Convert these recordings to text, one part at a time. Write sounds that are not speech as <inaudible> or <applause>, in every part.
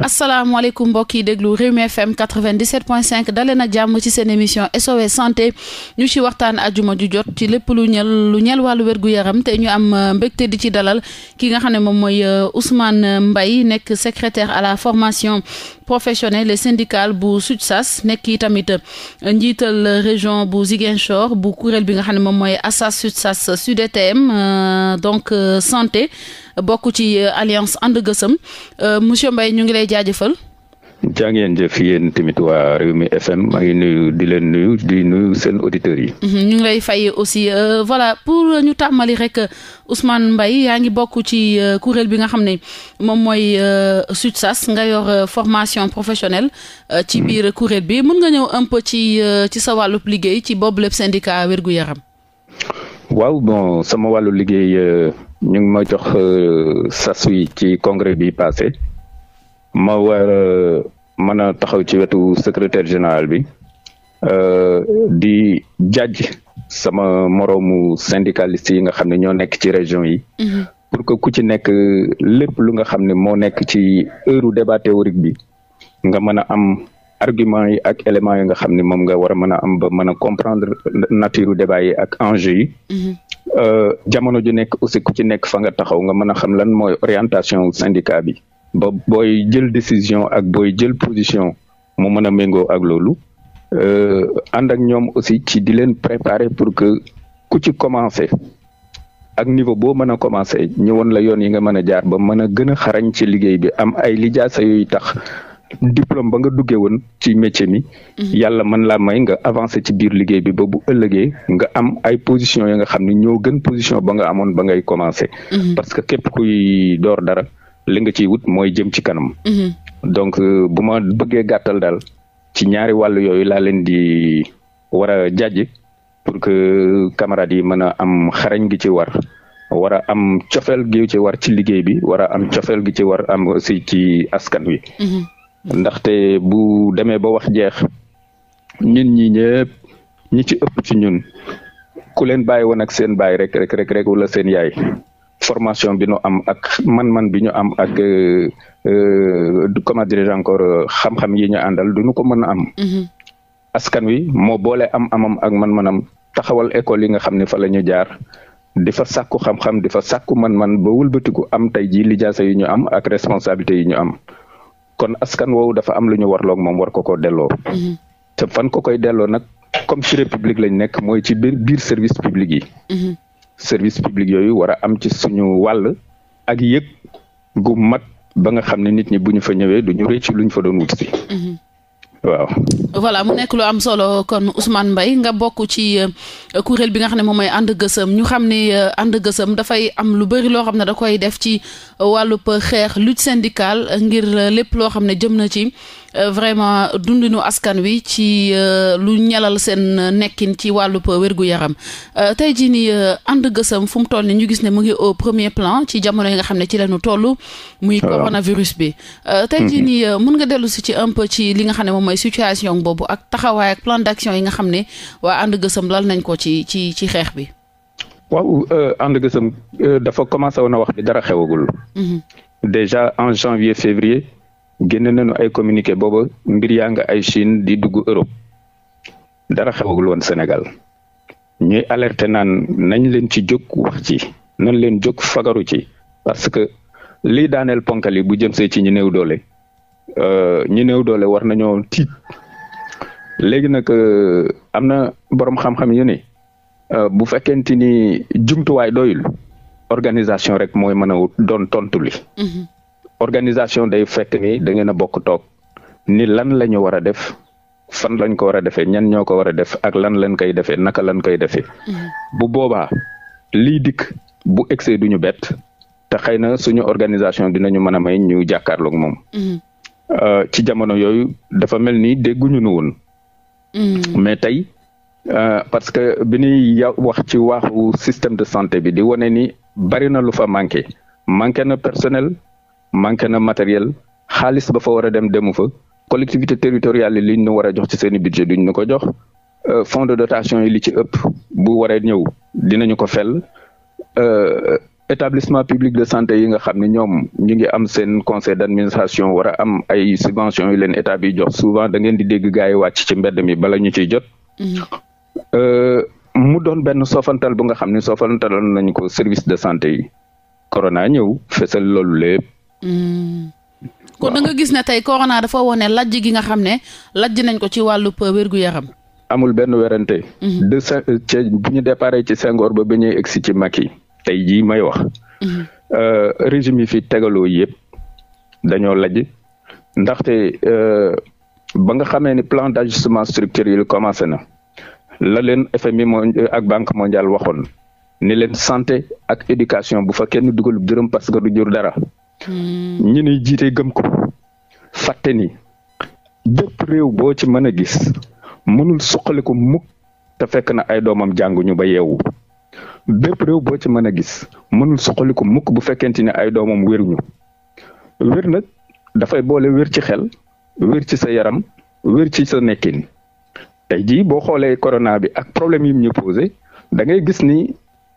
asalaamaaleykum mbokk yi déglu Rewmi FM 97.5 dalee na jàmm ci seen émission SOS santé ñu ci waxtaan ajuma ju jot ci lépp lu ñel lu ñel wàllu wérgu yaram te ñu am euh, mbégte di ci dalal ki nga xam ne moom mooy euh, Ousmane mbay nekk secretaire à la formation professionnelle et syndicale bu SUTSAS nekk yi tamit euh, njiital région bu Ziguinchor bu kuréel bi nga xam ne moom mooy ASAS SUTSAS SUDETM donc santé. bokku ci euh, alliance And Gueusseum euh, monsieur mbay ñu ngi lay jaajëfal. jaa ngeen jëf yéen tamit waa Rewmi FM maa nuyu di leen nuyu di nuyu seen auditeurs yi. Mhm, ñu ngi lay fay aussi euh, voilà pour ñu tàmmali rek Ousmane mbay yaa ngi bokk ci kuréel bi nga xam ne moom mooy SUTSAS nga yor formation professionnelle. ci mhm. biir kuréel bi mën nga ñëw un peu ci ci sa wàllub liggéey ci boobu lépp syndicat wér gu yaram. waaw bon sama wàllu liggéey euh, ñu ngi ma jox euh, sas wi ci congrès bi passé ma war a euh, mën a taxaw ci wetu secrétaire général bi di jàjj sama moroomu syndicaliste yi nga xam ne ñoo nekk ci région yi. Mhm. pour que ku ci nekk lépp lu nga xam ne moo nekk ci heure débat théorique bi nga mën am. argument yi ak éléments yi nga xam ne moom nga war a mën a am ba mën a comprendre nature débat yi ak enjeu yi. Mhm. Euh, jamono ju nekk aussi ku ci nekk fa nga taxaw nga mën a xam lan mooy orientation syndicat bi ba booy jël décision ak boy jël position mu mën a méngoo ak loolu euh, ànd ak ñoom aussi ci di leen préparer pour que ku ci commencé ak niveau boo mën a commencé ñëwoon la yoon yi nga mën a jaar ba mën a gën a xarañ ci liggéey bi am ay lijaasa yuy tax. diplôme ba nga duggee woon ci métier mi. Mhm. yàlla man laa may nga avancer ci biir liggéey bi ba bu ëllëgee nga am ay position yi nga xam ne ñoo gën position ba nga amoon ba ngay commencer. Mhm. parce que képp kuy door dara li nga ciy wut mooy jëm ci kanam. Mhm. donc euh, bu ma bëggee gàttal daal ci ñaari wàll yooyu laa leen di war a jàjj pour que camarades yi mën a am xarañ gi ci war. war a am cofeel gi ci war ci liggéey bi war a am cofeel gi ci war am aussi ci askan wi. ndaxte bu demee ba wax jeex ñun ñi ñëpp ñi ci ëpp ci ñun ku leen bàyyi woon ak seen baay rek rek rek rek wala seen yaay formation bi am ak man-man bi ñu am ak euh, euh, comment dirais-je encore xam-xam yi ñu àndal du ñu ko mën a am. Mhm. askan wi moo boole am amam ak man-manam taxawal école yi nga xam ne fa la ñu jaar. di fa sàkku xam-xam di fa sàkku man-man ba wëlbatiku am tey jii lijaasa yu ñu am ak responsabilité yi ñu am kon askan woowu dafa am lu ñu warloog moom war ko ko delloo. Mhm. te fan ko koy delloo nag comme ci république lañ nekk mooy ci biir biir service public yi. Mhm. service public yooyu war a am ci suñu wàll ak yëg gu mat ba nga xam ne nit ñi bu ñu fa ñëwee du ñu rëcc lu ñu fa doon wut si. Mhm. waaw. voilà mu nekk lu am solo kon Ousmane mbay nga bokk ci euh, kuréel bi nga xam ne moom mooy ànd gësëm ñu xam ni euh, ànd gësëm dafay am lu bari loo xam ne da koy def ci euh, wàllub xeex lutte syndicale ngir lépp loo xam ne jëm na ci. Euh, vraiment dundinu askan wi ci euh, lu ñelal seen euh, nekkin ci wàllub wérgu yaram tey jii nii ànd gësam fu mu toll ni ñu gis ne mu ngi au premier plan ci jamono yi nga xam ne ci leenu toll muy ah. coronavirus bi tey jii mhm. nii mun nga dellu si ci un peu ci li nga xam ne moom mooy situation boobu ak taxawaay ak plan d'action yi nga xam ne waa ànd gësam lal nañ ko ci ci ci xeex bi waaw ànd gësëm dafa commencé woon a wax bi dara xewagul mhm. déjà en janvier février génne nañu ay communiqué booba mbir yaa ay Chine di dugg Europe dara xewagul woon Sénégal ñuy alerter nan nañ leen ci jóg wax ci nañ leen jóg fagaru ci parce que lii daaneel ponkal yi bu jëm see ci ñu néew doole euh, ñu néew doole war nañoo tiit léegi nag euh, am na borom xam-xam yu ni euh, bu fekkente ni jumtuwaay doyul organisation rek mooy mën a doon tontu li. Mm-hmm. organisation day fekk ni da ngeen a bokk toog ni lan la ñu war a def fan lañ ko war a defee ñan ñoo ko war a def ak lan lañ koy defee naka lañ koy defe mm-hmm. bu boobaa liy dikk bu egsee duñu bet te xëy na suñu organisation dinañu mën a may ñu jàkkaarloog moom. Mm-hmm. Euh, ci jamono yooyu dafa mel ni dégguñu nu woon. Mm-hmm. mais tey euh, parce que bi ñuy wax ci waaxu système de santé bi di wane ni bari na lu fa manqué manqué na personnel. manqué na matériel xaalis ba fa war a dem demu fa collectivité territoriale yi liñ nu war a jox ci seen i budget duñ nu ko jox euh, fonds de dotation yi li ci ëpp bu waree ñëw dinañu ko fel euh, établissement public de santé yi nga xam ne ñoom ñu ngi am seen conseil d'administration war a am ay subventions yu leen état yi jox souvent da ngeen di dégg gars yi wàcc ci mbedd mi bala ñu ciy jot. Mm-hmm. Euh, mu doon benn sofantal bu nga xam ne soofantal nañ ko service de santé yi. corona ñëw fesal loolu lépp. Mm. kon da gis na tey corona dafa wone lajj gi nga xam ne lajj nañ ko ci wàllu euh, wér-gu-yaram. amul benn werante. Mm-hmm. de sa euh, bu ñu déparé ci Senghor ba ba ñuy egsi ci Macky tey jii may wax. Mm-hmm. Euh, régime yi fi tegaloo yëpp dañoo lajj ndaxte ba nga xamee ni plan d'ajustement structurel commencé na la leen FMI ak Banque mondiale waxoon ni leen santé ak éducation bu fa kenn dugalub dërëm parce que du jur dara. Hmm. ñu ni jiite gëm ko fàtte ni bépp réew boo ci mën a gis mënul suqaliku mukk te fekk na ay doomam jànguñu ba yeewu bépp réew boo ci mën a gis mënul suqaliku mukk bu fekkente ne ay doomam wéruñu wér nag dafay boole wér ci xel wér ci sa yaram wér ci sa nekkin tey jii boo xoolee corona bi ak problème yi mu ñu posé da ngay gis ni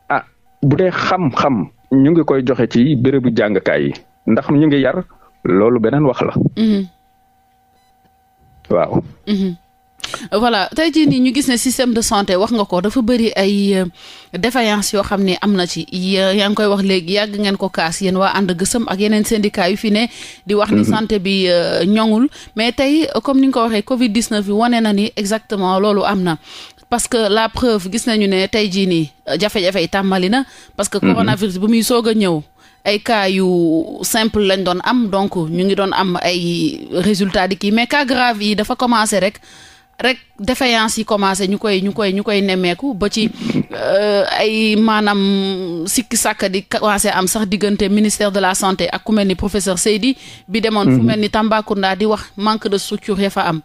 ah bu dee xam-xam ñu ngi koy joxe ci bérébu jàngkaay yi ndax ñu ngi yar loolu beneen wax la. Mhm. waaw. Mhm. voilà tey jii nii ñu gis ne système de santé wax nga ko dafa bëri ay euh, défaillance yoo xam ne am na ci yaa ngi koy wax léegi yàgg ngeen ko kaas yéen waa ànd gësëm ak yeneen syndicat yu fi ne di wax ni mhm. santé bi euh, ñoŋul mais tey comme ni nga ko waxee covid 19 bi wane na ni exactement loolu am na parce que la preuve gis nañu ne tey jii nii jafe-jafe yi tàmbali na parce que coronavirus bu muy soog a ñëw ay cas yu simple lañ doon am donc ñu ngi doon am ay résultat di kii mais cas grave yi dafa commencé rek rek défaillance yi commencé ñu koy ñu koy ñu koy nemmeeku ba ci euh, ay maanaam sikki sàkk di commencé am sax diggante ministère de la santé ak ku mel ni professeur Seydi bi demoon mm fu mhm. mel ni Tambacounda di wax manque de structure ya fa am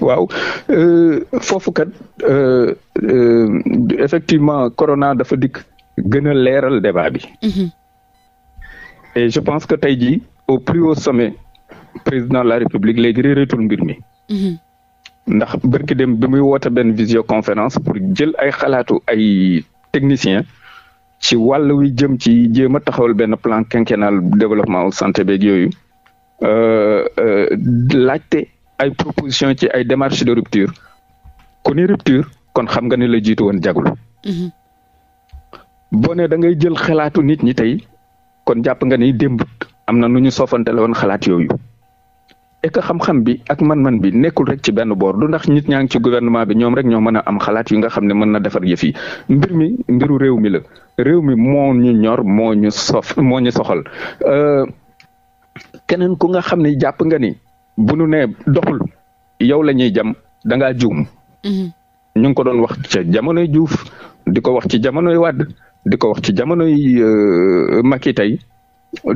waaw euh, foofu kat euh, euh, effectivement corona dafa dikk gën a leeral débat bi mhm. et je pense que tey ji au plus haut sommet président de la république léegi réeréetul mbir mi. Mhm. ndax bërki dem bi muy woote benn visioconférence pour jël ay xalaatu ay technicien ci wàll wi jëm ci jéem a taxawal benn plan quinquennal développement santé beeg yooyu euh, euh, laajte ay proposition ci ay démarché de rupture ku rupture kon xam nga ne la jiitu woon jaglu. Mhm. boo da ngay jël xalaatu nit ñi tey kon jàpp nga ni démb am na nu ñu soofantale woon xalaat yooyu et que xam-xam bi ak man-man bi nekkul rek ci benn boor du ndax nit ñaa ngi ci gouvernement bi ñoom rek ñoo mën a am xalaat yu nga xam ne mën na defar yéfi yi mbir mi mbiru réew mi la réew mi moo ñu ñor mooñu ñu sof moo ñu soxal euh, keneen ku nga xam ne jàpp nga ni bu nu nee doxul yow la ñuy jam da ngaa mm-hmm. ñu ko doon wax ca jamonoy Juuf di ko wax ci jamonoy Wàdd di ko wax ci jamono euh, yi tey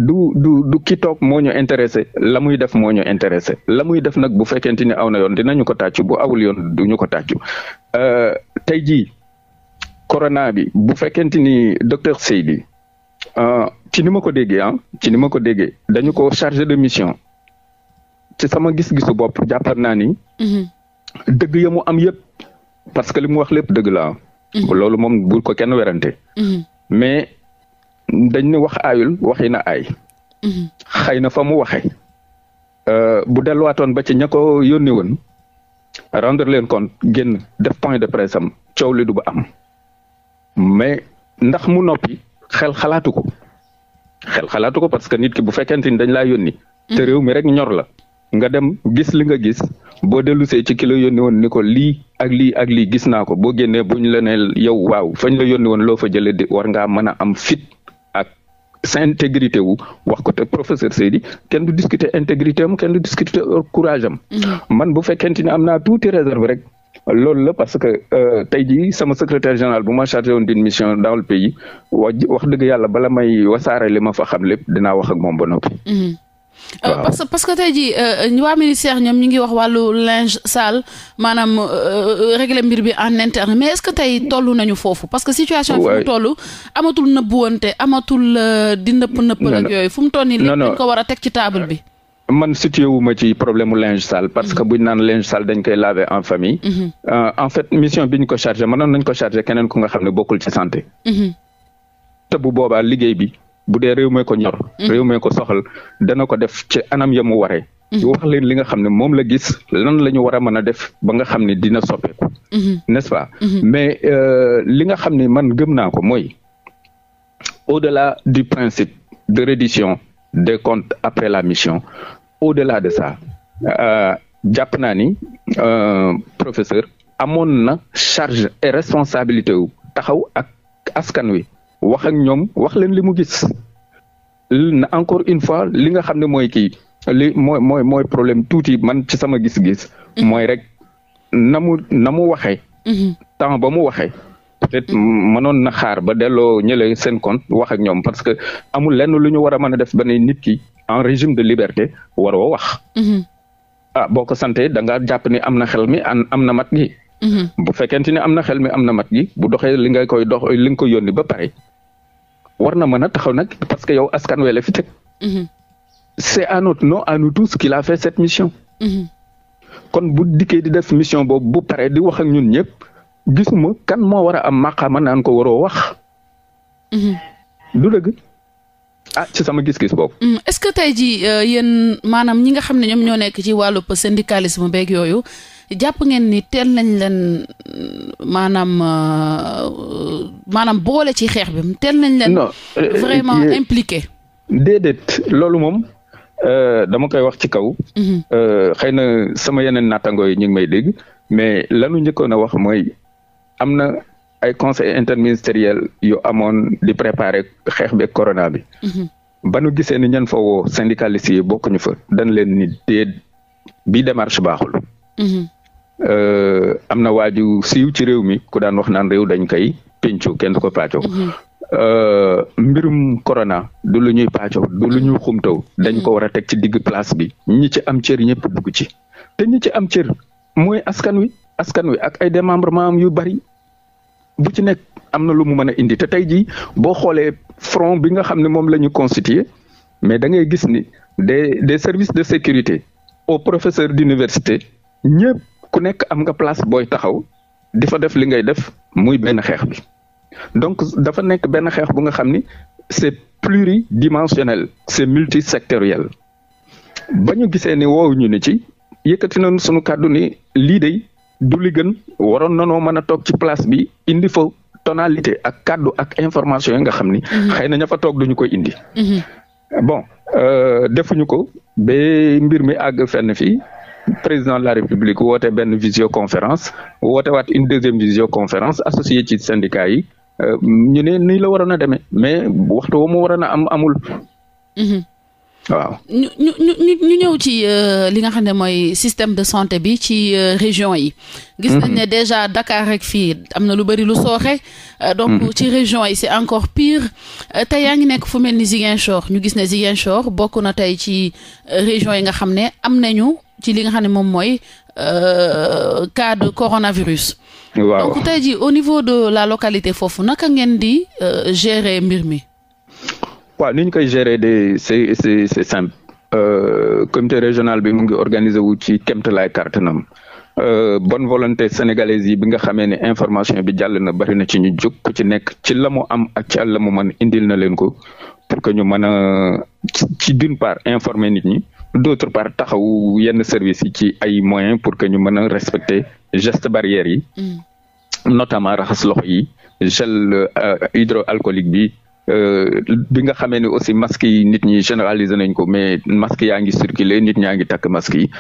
du du du ki toog moo intéressé la muy def moo ñu intéressé la muy def nag bu fekkente ni aw na yoon dinañu ko tàccu bu awul yoon du ñu ko tàccu euh, tey jii corona bi bu fekkente ni docteur Seydi uh, ci ni ma ko déggee ah ci ni ma ko déggee dañu ko chargé de mission ci sama gis-gisu bopp jàppar naa ni. Mhm. mu am yëpp parce que li mu wax lépp dëgg la ah. loolu moom bul ko kenn werante mm-hmm. mais dañ ne wax ayul waxi na aay mm-hmm. xëy na fa mu waxe euh, bu delluwaatoon ba ci ña ko yónni woon rendre leen compte génn def point de presse am coow li du ba am mais ndax mu noppi xel xalaatu ko xel ko parce que nit ki bu fekkente ni dañ laa yónni te mm-hmm. réew mi rek ñor la nga dem gis li nga gis boo dellusee ci ki la yónni woon ni ko lii ak lii ak lii gis naa ko boo génnee bu ñu la ne yow waaw fañ la yónni woon loo fa jëlee di war ngaa mën a am fit ak sa intégrité wu wax ko te professeur Seydi kenn du discuter intégrité am kenn du discuter courage am. Mm-hmm. man bu fekkente ni am naa tuuti réserve rek. loolu la parce que euh, tey jii sama secrétaire général bu ma chargé woon d'une mission dans le pays wax wax dëgg yàlla bala may wa li ma fa xam lépp dinaa wax ak moom ba noppi. Mm-hmm. Euh, waaw parce que tey jii euh, waa ministère ñoom ñu ngi wax wàllu linge sale maanaam euh, régler mbir bi en interne mais est-ce que tey toll nañu foofu parce que situation bi fu mu toll amatul nëbbuwante amatul di nëpp nëppal ak yooyu fu mu toll nii lépp war a teg ci table bi man situé wu ma ci problème linge sale parce que buñ naan linge sale dañ koy laver en famille mhm. fait mission bi ñu ko chargé mënoon nañ ko chargé keneen ku nga xam ne bokkul ci santé mhm. te bu boobaa liggéey bi bu dee réew mee ko ñor. Mm-hmm. réew mee ko soxal dana ko def ci anam ya ware mm-hmm. wax leen li nga xam ne moom la gis lan la ñu war a mën a def ba nga xam ne dina soppeeku. Mm-hmm. n'est-ce pas. mais euh, li nga xam ne man gëm naa ko mooy au-delà du principe de reddition des comptes après la mission au-delà de ça euh, jàpp naa ni euh, professeur amoon na charge et responsabilité wu taxaw ak askan wi. wax ak ñoom wax leen li mu gis na encore une fois li nga xam ne mooy kii li mooy mooy mooy problème tuuti man ci sama gis-gis. Mhm. mooy rek na mu na mu waxee. Mhm. temps ba mu waxee. peut-être mhm. mënoon na xaar ba delloo ñële seen compte wax ak ñoom parce que amul lenn lu ñu war a mën a def ba ne nit ki en régime de liberté waroo wax. ah boo ko santee da nga jàpp am na xel mi am na mat gi Mm-hmm. bu fekkente ne am na xel mi am na mat gi bu doxee li nga koy dox li nga koy yónni ba pare war na mën a taxaw nag parce que yow askan wele fi teg mm-hmm. c'est à notre nom à nous tous qu'il a cette mission mm-hmm. kon bu dikkee di def mission boobu bu pare di wax ak ñun ñëpp gisuma kan moo war a am maqaama naan ko waroo wax du dëgg ah ci sama gis-gis boobu. est-ce que tey jii euh, yéen maanaam ñi nga xam ne ñoom ñoo nekk ci wàllub syndicalisme beeg yooyu jàpp ngeen ni teel nañ leen maanaam euh, maanaam boole ci xeex bi teel nañ leen. Euh, euh, vraiment impliqué. déedéet loolu moom dama koy wax ci kaw. Mhm. xëy na sama yeneen naataangoo yi ñu ngi may dégg mais lanu njëkkoon a wax mooy am na ay conseil interministériel yu amoon di préparer xeex bi corona bi. Mhm. ba nu gisee ni ñan fa woo syndicalistes yi bokkuñu fa dañ leen ni déet bi démarche baaxul. Mhm. Euh, am na waaju siiw ci réew mi ku daan wax naan réew dañ koy penco kenn ko paaco mhm. Uh, mbirum corona du lu ñuy pàccoo du lu ñuy dañ ko war a teg ci digg place bi ñi ci am cër ñëpp dugg ci te ñi ci am cër mooy askan wi askan wi ak ay démembrement am yu bari bu ci nekk am na lu mu mën a indi te tey jii boo xoolee front bi nga xam ne moom la ñu constitué mais da ngay gis ni des des services de sécurité aux professeurs d'université ñëpp ku nekk am nga place booy taxaw di def li ngay def muy benn xeex bi donc dafa nekk benn xeex bu nga xam ni c'est pluridimensionnel c'est multisectoriel ba ñu gisee ni woowu ñu ni ci yëkkati nañu sunu kàddu ni lii de du li gën waroon nanoo mën a toog ci place bi indi fo tonalité ak kàddu ak information yi nga xam ni. Mhm. xëy na ña fa toog duñu koy indi. Mhm. bon euh, defuñu ko ba mbir mi àgg fenn fii président de la république woote benn visioconférence woote waat une deuxième visioconférence associé ci syndicat yi euh, ñu ne nii la waroon a demee mais waxtu wa mu waroon a am amul. Mhm. ñu ñëw ci euh, li nga xam ne mooy système de santé bi ci euh, région yi. gis nañ ne mhm. déjà Dakar rek fii am na lu bari lu sooxe. donc mhm. ci région yi c'est encore pire. tey yaa ngi nekk fu mel ni Ziguinchor ñu gis ne Ziguinchor bokk na tey ci région yi nga xam ne am nañu. ci li nga xam ne moom mooy euh, cas de coronavirus. waaw donc tey jii au niveau de la localité foofu naka ngeen di euh, gérer mbir mi. waaw ni ñu koy gérer de c'est c'est c'est simple. Euh, comité régional bi mu ngi organisé wu ci kéemtalaay kàttanam bon volonté sénégalaise yi bi nga xamee ne information bi jàll na bari na ci ñu jóg ko ci nekk ci la mu am ak ci la man mën indil na leen ko pour que ñu mën a ci d'une part informer nit ñi. d'autre part taxaw yenn services yi ci ay moyen pour que ñu mën a respecter gestes barrières yi. Mm. notamment raxas loxo yi gel euh, hydroalcoolique bi. Euh, bi nga xamee ne aussi masques yi nit ñi généraliser nañ ko mais masques yaa ngi circuler nit ñaa ngi takk masques yi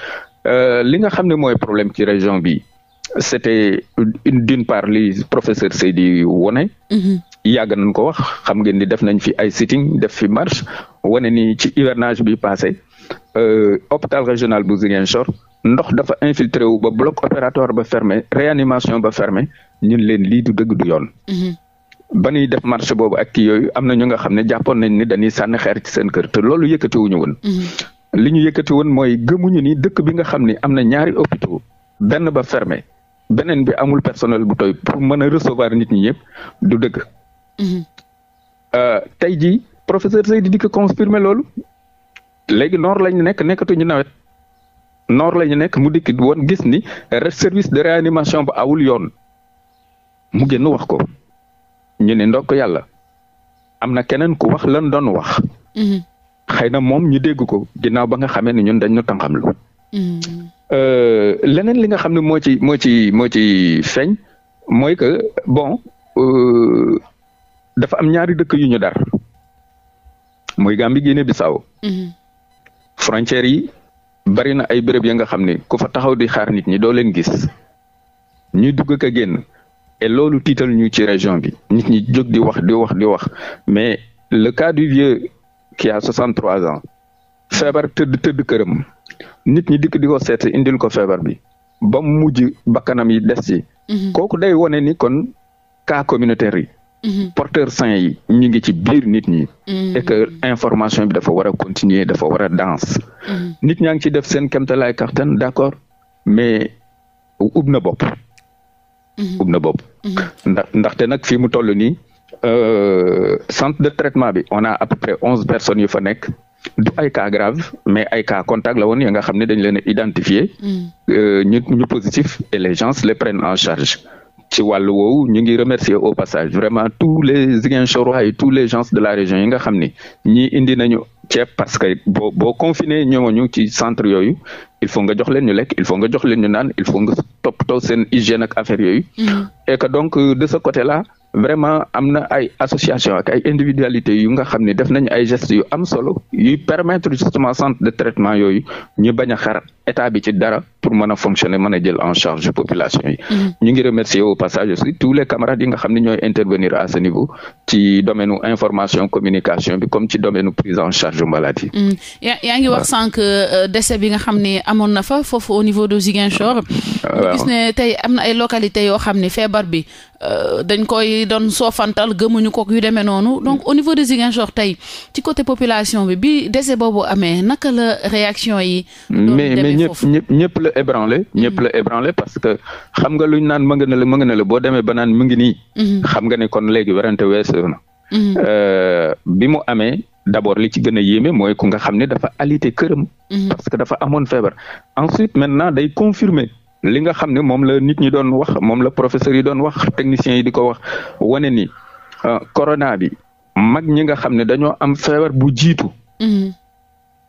euh, li nga xam ne mooy problème ci région bi c'était d'une part li professeur Seydi wone mm-hmm. yàgg nañ ko wax xam ngeen ni def nañ fi ay sitting def fi marche wane ni ci hivernage bi passé euh, hôpital régional bu Ziguinchor ndox dafa infiltré wu ba bloc opérateur ba fermé réanimation ba fermé ñun leen lii du dëgg du yoon. Mhm. ba ñuy def marché boobu ak kii yooyu am na ñu nga xam ne jàppoon nañ ni dañuy sànni xeer ci seen te loolu yëkkatiwuñu woon. Mhm. li ñu yëkkati woon mooy gëmuñu ni dëkk bi nga xam ne am na ñaari hôpitaux benn ba fermé beneen bi amul personnel bu toy pour mën a recevoir nit ñi yëpp du dëgg. Mhm. Euh, tey jii professeur Seydi dikk confirmé loolu léegi noor lañu nekk nekkatuñu nawet noor lañu nekk mu dikk woon gis ni euh, service de réanimation ba awul yoon mu génn wax ko ñu ne ndokk yàlla am na keneen ku wax lan doon wax. Mhm. xëy na moom ñu dégg ko ginnaaw ba nga xamee ne ñun dañ ñu tànqamlu. Mhm. Euh, leneen li nga xam ne moo ci moo ci moo ci feeñ mooy que bon euh, dafa am ñaari dëkk yu ñu dar. muy Gambie Guinée Bissau mhm. frontières yi bari na ay béréb ya nga xam ne ko fa taxaw di xaar nit ñi doo leen gis ñuy dugg ak a génn loolu tiital ñu ci région bi nit ñi jog di wax di wax di wax mais le cas du vieux qui a 63 ans feebar tëdd tëdd këram nit ñi dikk di ko seet indil ko feebar bi ba mu mujj bakkanam yi des ci mhm. kooku day wone ni kon ka communautaire yi Mm-hmm. porteur sain yi ñu ngi ci biir nit ñi. Mm-hmm. et information bi dafa war a continuer dafa war a danse. Mm-hmm. nit ñaa ngi ci def seen kéemtalaay kattan d'accord mais ub na bopp. ub na bopp. ndax ndaxte nag fii mu toll nii euh, centre de traitement bi on a à onze personnes yu fa nekk. du ay cas grave mais ay cas contact la woon ya nga xam ne dañ leen identifier euh, ñu ñu positif et les gens les prennent en charge. ci wàllu woowu ñu ngi remercier au passage vraiment tous les Ziguinchorois et tous les gens de la région yi nga xam ni ñii indi nañu parce que boo boo ñu ñooñu ci centre yooyu il faut nga jox leen ñu lekk il faut nga jox leen ñu naan il faut nga toppatoo seen hygiène affaire yooyu. Mm-hmm. et que donc euh, de ce côté là vraiment am na ay association ak ay individualité yu nga xam ni def nañu ay gestes yu am solo yuy permettre justement centre de traitement yooyu ñu baña a état bi ci dara pour mën a fonctionner mën a jël en charge population yi. Mm-hmm. ñu ngi remercier o passage aussi tous les camarades yi nga xam ne ñooy intervenir à ce niveau ci domaine information communication bi comme ci domaine prise en charge maladie. Mm-hmm. yaa yaa ngi wax sànq euh, décès bi nga xam ne amoon na fa au niveau de Ziguinchor. Ah, waaw gis ne tey am ay localités yoo xam ne feebar bi euh, dañ ko yu demee noonu mm. donc de Ziguinchor tey ci côté population bi boobu amee naka la réaction yi. mais ñëpp ñëpp ñëpp la ébranlé ñëpp la parce que xam nga luñ naan mënga na la mënga na la boo demee ba naan mu nii mhm. xam nga ne kon léegi werante weesu na mhm. euh, bi mu amee d'abord li ci gën a yéeme mooy ku nga xam ne dafa alité këram mhm. parce que dafa amoon feebar ensuite maintenant day confirmer li nga xam ne moom la nit ñi doon wax moom la professeur yi doon wax techniciens yi di ko wax wane ni euh, corona bi mag ñi nga xam ne dañoo am feebar bu jiitu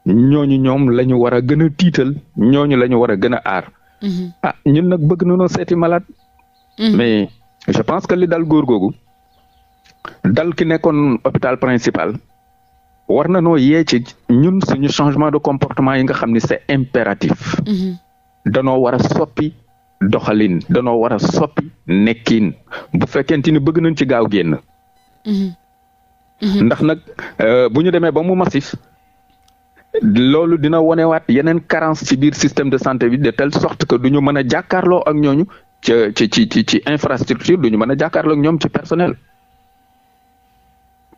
ñooñu ñoom la ñu war a gën a tiital ñooñu lañu ñu war a gën a aar. Mhm. ah ñun nag bëgg nañoo seeti malade. Mhm. mais je pense que li dal góor googu dal ki nekkoon hôpital principal war na noo yee ñun suñu changement de comportement yi nga xam ni c'est impératif. Mhm. danoo war a soppi doxalin danoo war a soppi nekkiin bu fekkente ni bëgg nañ ci gaaw génn. ndax nag euh, bu ñu demee ba mu massif. loolu dina wonewaat yeneen carence ci biir système de santé bi de telle sorte que du ñu mën a jàkkaarloo ak ñooñu ci ci ci ci infrastructure du ñu mën a jàkkaarloo ak ñoom ci personnel.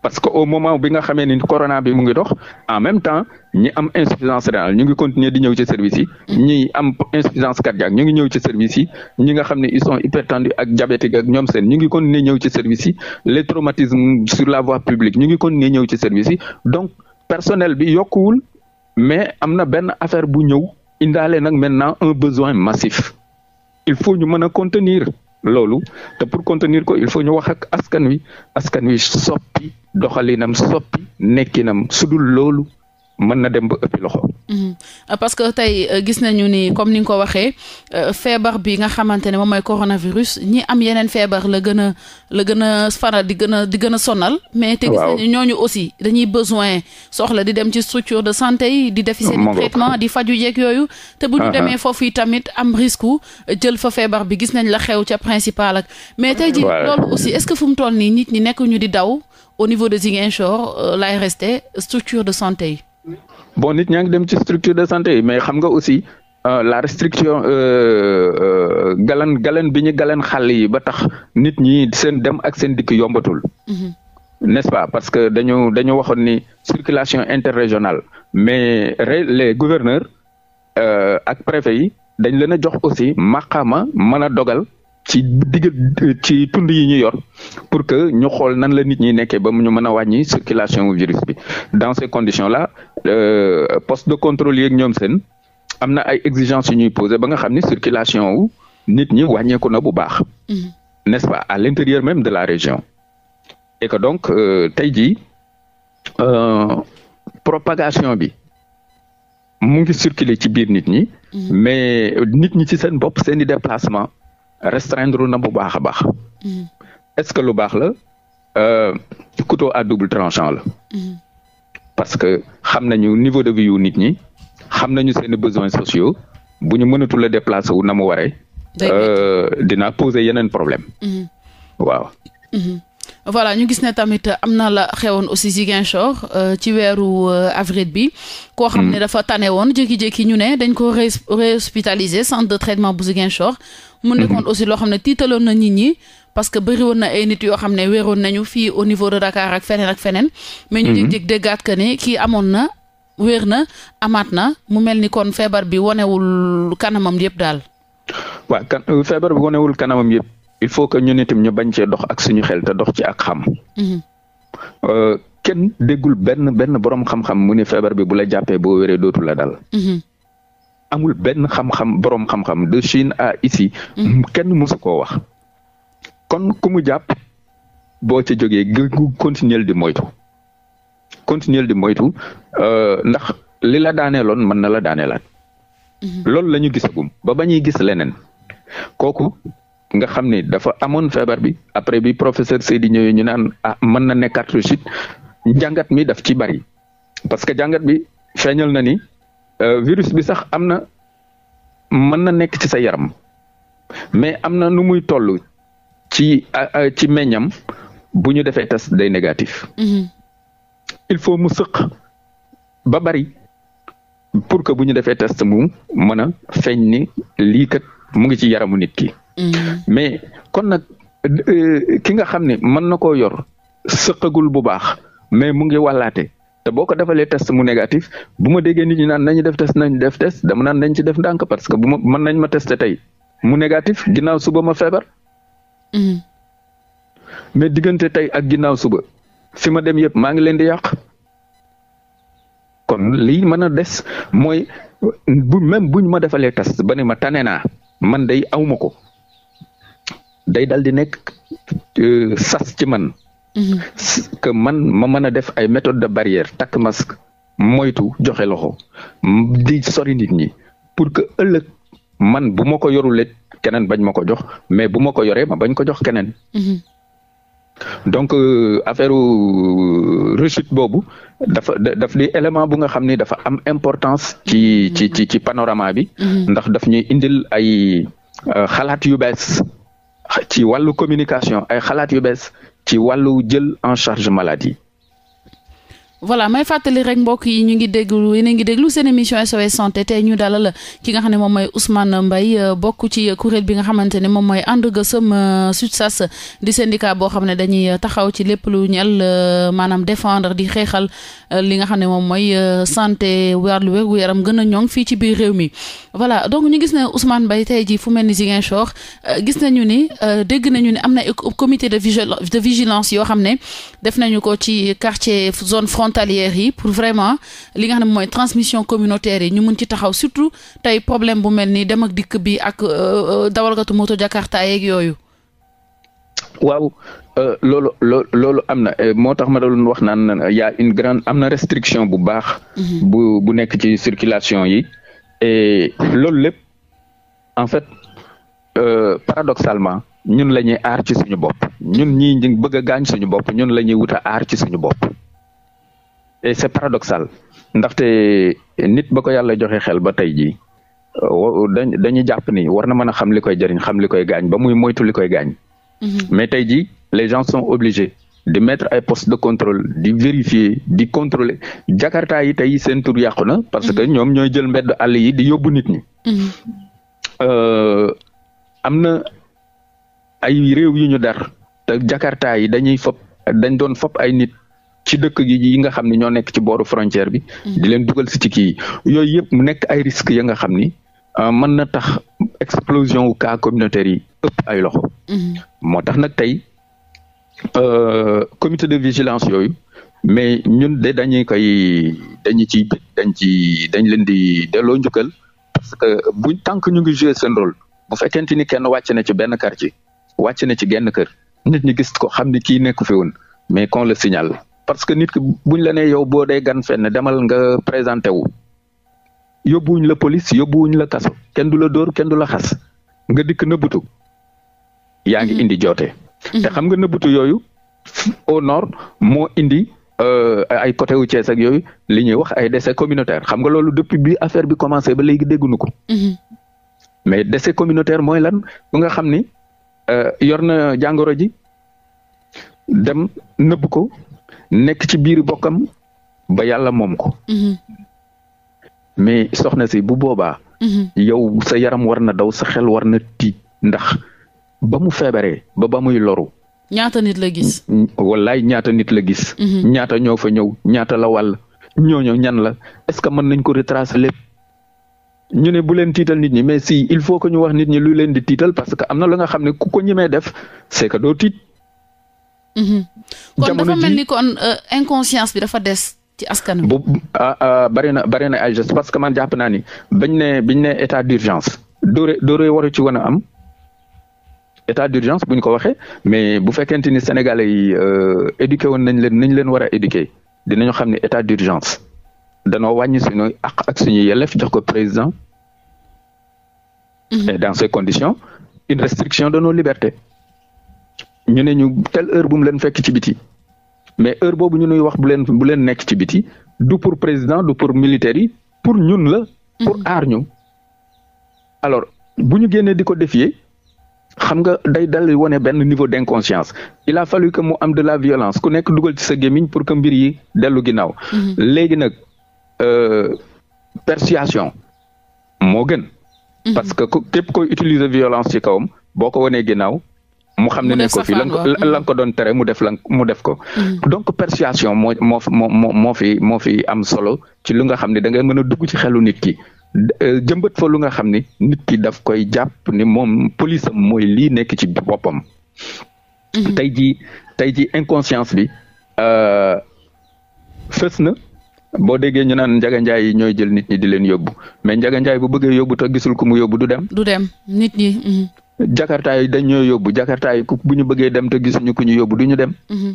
parce que au moment bi nga xamee ni corona bi mu ngi dox en même temps ñi am insuffisance rénale ñu ngi continuer di ñëw ci service yi ñi am insuffisance cardiaque ñu ngi ñëw ci service yi ñi xam ne ils sont hypertendus ak diabétique ñoom seen ñu ngi continuer ñëw ci service yi le traumatismes sur la voie publique ñu ngi continuer ñëw ci service yi donc personnel bi yokkuwul mais am na benn affaire bu ñëw indaale nag maintenant un besoin massif il faut ñu mën a contenir loolu te pour contenir ko il faut ñu wax ak askan wi askan wi soppi doxalinam soppi nekkinam sudul loolu mën na dem ba ëppi loxo Euh, parce que tey euh, gis nañu ni comme ni nga ko waxee euh, feebar bi nga xamante ne moom mooy coronavirus ñi am yeneen feebar la gën a la gën a faral di gën a di gën a sonal. mais te gis nañu ñooñu aussi dañuy besoin soxla di dem ci structure de santé yi. di def seen traitement di faju yeeg yooyu. te bu ñu uh-huh. demee foofu tamit am risque jël fa feebar bi gis nañ la xew ca principal ak. mais tey ji loolu aussi est-ce que fu mu toll nii nit ñi nekk ñu di daw au niveau de Ziguinchor l'ARST structure de santé yi. bon nit ñaa ngi dem ci structure de santé mais xam nga aussi euh, la restriction euh, euh, galan galan bi ñu galan xal yi ba tax nit ñi seen dem ak seen dikk yombatul. Mm-hmm. n'est-ce pas parce que dañu dañu waxoon ni circulation interrégionale mais les gouverneurs ak préfet yi dañ leen a jox aussi maqaama mën a dogal. ci diggal ci tund yi ñu yor pour que ñu xool nan la nit ñi nekkee ba mu ñu mën a wàññi circulation virus bi dans ces condition la euh, poste de contrôle yeeg ñoom seen am na ay exigences yu ñuy posé ba nga xam ni circulation wu nit ñi wàññeeku na bu baax. Mhm. nest pas à l'intérieur même de la région. et que donc euh, tey jii euh, propagation bi mu ngi circuler ci biir nit ñi. Mhm. mais nit ñi ci seen bopp seen i déplacement. restreindre na bu baax a baax. Mm-hmm. est-ce que lu baax la euh, couteau à double tranchant la. Mm-hmm. parce que xam nañu niveau de vie nit ñi xam nañu seeni besoins sociaux bu ñu mënatul a déplacer wu na mu waree. Euh, dina poser yeneen problème. Mm-hmm. waaw. voilà ñu gis ne tamit am na la xewoon aussi Ziguinchor euh, ci weeru avril bi. koo xam ne dafa tane woon jékki-jékki ñu ne dañ ko réhospitaliser centre de traitement bu Ziguinchor. mu nekkoon mhm. aussi loo xam ne tiitaloon na nit ñi parce que bëri woon na ay nit yoo xam ne wéeroon nañu fii au niveau de Dakar ak feneen ak feneen mais ñu mhm. jékki-jékki déggaat que ne kii amoon na wéer na amaat na mu mel ni kon feebar bi wonewul kanamam yëpp daal waaw kan feebar bi wonewul kanamam yëpp il faut que ñu itam ñu bañ cee dox ak suñu xel te dox ci ak xam mhm. euh, kenn déggul benn benn borom xam-xam mu ne feebar bi bu la jàppee boo wéree dootu la dal amul benn xam-xam boroom xam-xam de Chine à ici. Mm-hmm. Mm, kenn mësu koo wax. kon ku mu jàpp boo ca jógee gën continuer di moytu continuer di moytu euh, ndax li la daaneeloon mën na la daaneelaat. Mm-hmm. loolu la ñu ba ba ñuy gis leneen kooku nga xam ni dafa amoon feebar bi après bi professeur Seydi ñëwee ñu naan ah mën na nekkaat rechute njàngat mi daf ci bari parce que jàngat bi feeñal na ni. Euh, virus bi sax am na mën na nekk ci sa yaram mais am na nu muy toll ci euh, euh, ci meññam bu ñu defee test day négatif. Mhm. il faut mu sëq ba bari pour que bu ñu defee test mu mën a feeñ ni lii mu ngi ci yaramu nit ki. Mhm. mais kon nag ki nga xam ne mën na koo yor sëqagul bu baax mais mu ngi wàllaate te boo ko defalee test mu négatif bu ma déggee nit ñi naan nañu def test nañ def test dama naan nañ ci def ndànk parce que bu ma mën nañ ma te tey mu négatif ginnaaw suba ma feebar. Mm-hmm. mais diggante tey ak ginnaaw suba fi ma dem yëpp maa ngi leen di yàq. kon lii mën a des mooy bu même buñ ma defalee test ba ne ma tane naa man dey awma ko day dal di nekk euh, sas ci man Mm-hmm. que man ma mën a def ay méthode de barrière takk masque moytu joxe loxo di sori nit ñi pour que ëllëg man bu ma ko yorulee keneen bañ ma ko jox mais bu ma ko yoree ma bañ ko jox keneen. Mm-hmm. donc euh, affaire euh, rechute boobu dafa daf élément bu nga xam ni dafa am importance ci mm-hmm. ci ci ci panorama bi. ndax daf ñuy indil ay euh, xalaat yu bees ci wàllu communication ay xalaat yu bees ci wàllu jël en charge maladie voilà may fàttali rek mbokk yi ñu ngi déglu yéen ngi déglu seen émission SOS santé tey ñu dalal ki nga xam ne moom mooy Ousmane mbay euh, bokk ci kuréel bi nga xamante ne moom mooy ànd gësëm euh, SUTSAS di syndicat boo xam ne dañuy euh, taxaw ci lépp lu ñel maanaam défendre di xeexal li nga xam ne moom mooy santé wàllu wérgu yaram gën a ñoŋ fii ci biir réew mi. voilà donc ñu gis ne Ousmane Mbaye tey ji fu mel ni Ziguinchor gis nañu ni dégg nañu ni am na comité de vigilance yoo xam ne def nañu ko ci quartier zone frontalières yi pour vraiment li nga xam mooy transmission communautaire yi ñu mun ci taxaw surtout tey problème bu mel ni dem ak dikk bi ak euh, euh, dawalkatu moto Jakarta yeeg yooyu. waaw euh, loolu loolu am na moo tax ma doon wax naan y' une grande am na restriction bu baax. Mhm. bu bu nekk ci circulation yi. et loolu lépp en fait euh, paradoxalement ñun la aar ci suñu bopp ñun ñii ñu bëgg a gaañ suñu bopp ñun la ñuy wut a aar ci suñu bopp. et c'est paradoxal ndaxte nit ba ko yàlla joxe xel ba tey jii dañuy jàpp ni war na mën a xam li koy jëriñ xam li koy gaañ ba muy moytu li koy gaañ. Mhm. mais tey jii les gens sont obligés de mettre ay postes de contrôle di vérifier di contrôler Jakarta yi tey seen tur na. parce que mhm. ñoom ñooy jël mbedd àll yi di yóbbu nit ñi. Mhm. Euh, am na ay réew yu ñu dar te Jakarta yi dañuy fop dañ doon fop ay nit. ci dëkk gi yi nga xam ne ñoo nekk ci booru frontière bi. Mm-hmm. di leen dugal si ci kii yooyu yëpp mu nekk ay risques ya nga xam ni euh, mën na tax explosion wu cas communautaire yi ëpp ay loxo. Mm-hmm. moo tax nag tey euh, comité de vigilance yooyu mais ñun de dañuy koy dañu ci dañ ci dañ leen di delloo njukkal parce que bu tant ñu ngi jouer seen rôle bu fekkente ni kenn wàcc na ci benn quartier wàcc na ci genn kër nit ñi gis ko xam ni kii nekku fi woon mais qu'on le signale. parce que nit ki buñ la nee yow boo dee gan fenn demal nga présenté wu wuñ la police yóbbuwuñ la kaso kenn du la dóor kenn du la xas nga dikk nëbbutu yaa ngi mm-hmm. indi joote. te mm-hmm. xam nga nëbbutu yooyu au nord moo indi euh, ay côté wu Thiès ak yooyu li ñuy wax ay décès communautaire xam nga loolu depuis bi affaire bi commencé ba léegi dégguñu ko. Mm-hmm. mais décès communautaire mooy lan bu nga xam ni euh, yor na jàngoro ji dem nëbb ko. nekk ci biir bokkam ba yàlla moom ko. Mhm. mais soxna si bu boobaa. Mhm. yow sa yaram war na daw sa xel war na tiit ndax ba mu feebaree ba ba muy loru. ñaata nit la gis. wallaay ñaata nit la gis. Mhm. ñaata ñoo fa ñëw ñaata la wàll ñooñu ñan la est-ce que mën nañ ko retracer lépp. ñu ne bu leen tiital nit ñi mais si il faut que ñu wax nit ñi lu leen di tiital parce que am na la nga xam ne ku ko ñemee def c'est doo tiit. Mhm. kon dafa mel ni kon euh, inconscience bi dafa des. ci askan wi bu ah, ah, bari na bari na ay parce que man jàpp naa ni bañ ne biñ ne état d'urgence doore doore waru ci woon a am état d'urgence buñ ko waxee mais bu fekkente ni sénégalais yi euh, éduqué woon nañ leen nañ leen war a éduqué dinañu xam ne état d'urgence danoo wàññi suñu àq ak suñu yelleef jox ko président. Mhm. et dans ces conditions une restriction de nos ñu ne ñu tel heure bu mu leen fekk ci biti mais heure boobu ñu nuy wax bu leen bu leen nekk ci biti du pour président du pour militaire yi pour ñun la. pour mm-hmm. aar ñu. alors bu ñu génnee di ko défier xam nga day dal wane benn niveau d'inconscience il a fallu que mu am de la violence ku nekk dugal ci sa gémmiñ pour que mbir yi dellu ginnaaw. Mm-hmm. léegi nag euh, persuasion moo gën. Mm-hmm. parce que képp koy utiliser violence ci kawam boo ko wanee ginnaaw. mu xam ne ne ko fii lan ko lan ko doon tere mu def lan mu def ko. Mm. donc persuasion moo moo moo moo fi moo fi am solo ci lu nga xam ne da ngay mën a dugg ci xelu nit ki. Euh, jëmbat fo lu nga xam ni nit ki daf koy jàpp ni moom police am mooy lii nekk ci boppam. Mm-hmm. tey jii tey jii inconscience bi euh, fës na boo déggee ñu naan njaganjaay yi ñooy jël nit ñi di leen yóbbu mais njaganjaay bu bëggee yóbbu te gisul ku mu yóbbu du dem. du dem nit ñi. Mm-hmm. jakarta yi dañ ñoo yóbbu jakarta yi ku bu ñu bëggee dem te gisuñu ku ñu yóbbu du ñu dem. Mhm.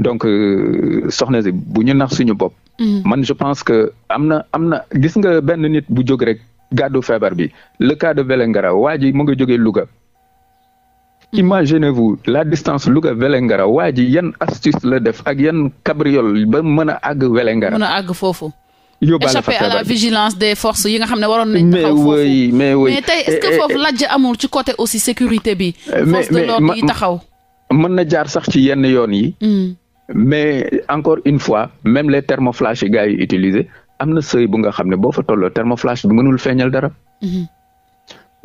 donc euh, soxna si bu ñu nax suñu bopp. Mhm. man je pense que am na am na gis nga benn nit bu jóg rek gàddu feebar bi le cas de Vélingara waa ji mu nga jógee Louga. Mhm. imaginez la distance Louga Vélingara waa ji yan astuce la def ak yan cabriole ba mën a àgg Vélingara. mën foofu. yóbbaale fa feebar la vigilance des forces yi nga xam ne waroon nañ taxaw foofu mais oui mais oui tey est-ce que eh, eh, eh. lajj amul ci côté aussi sécurité bi. force de l'ordre yi taxaw. mën na jaar sax ci yenn yoon yi. Hmm. mais encore une fois même les thermoflash yi gars yi utilisé am na seuil bu nga xam ne boo fa tolloo thermoflash du mënul feeñal dara. Hmm.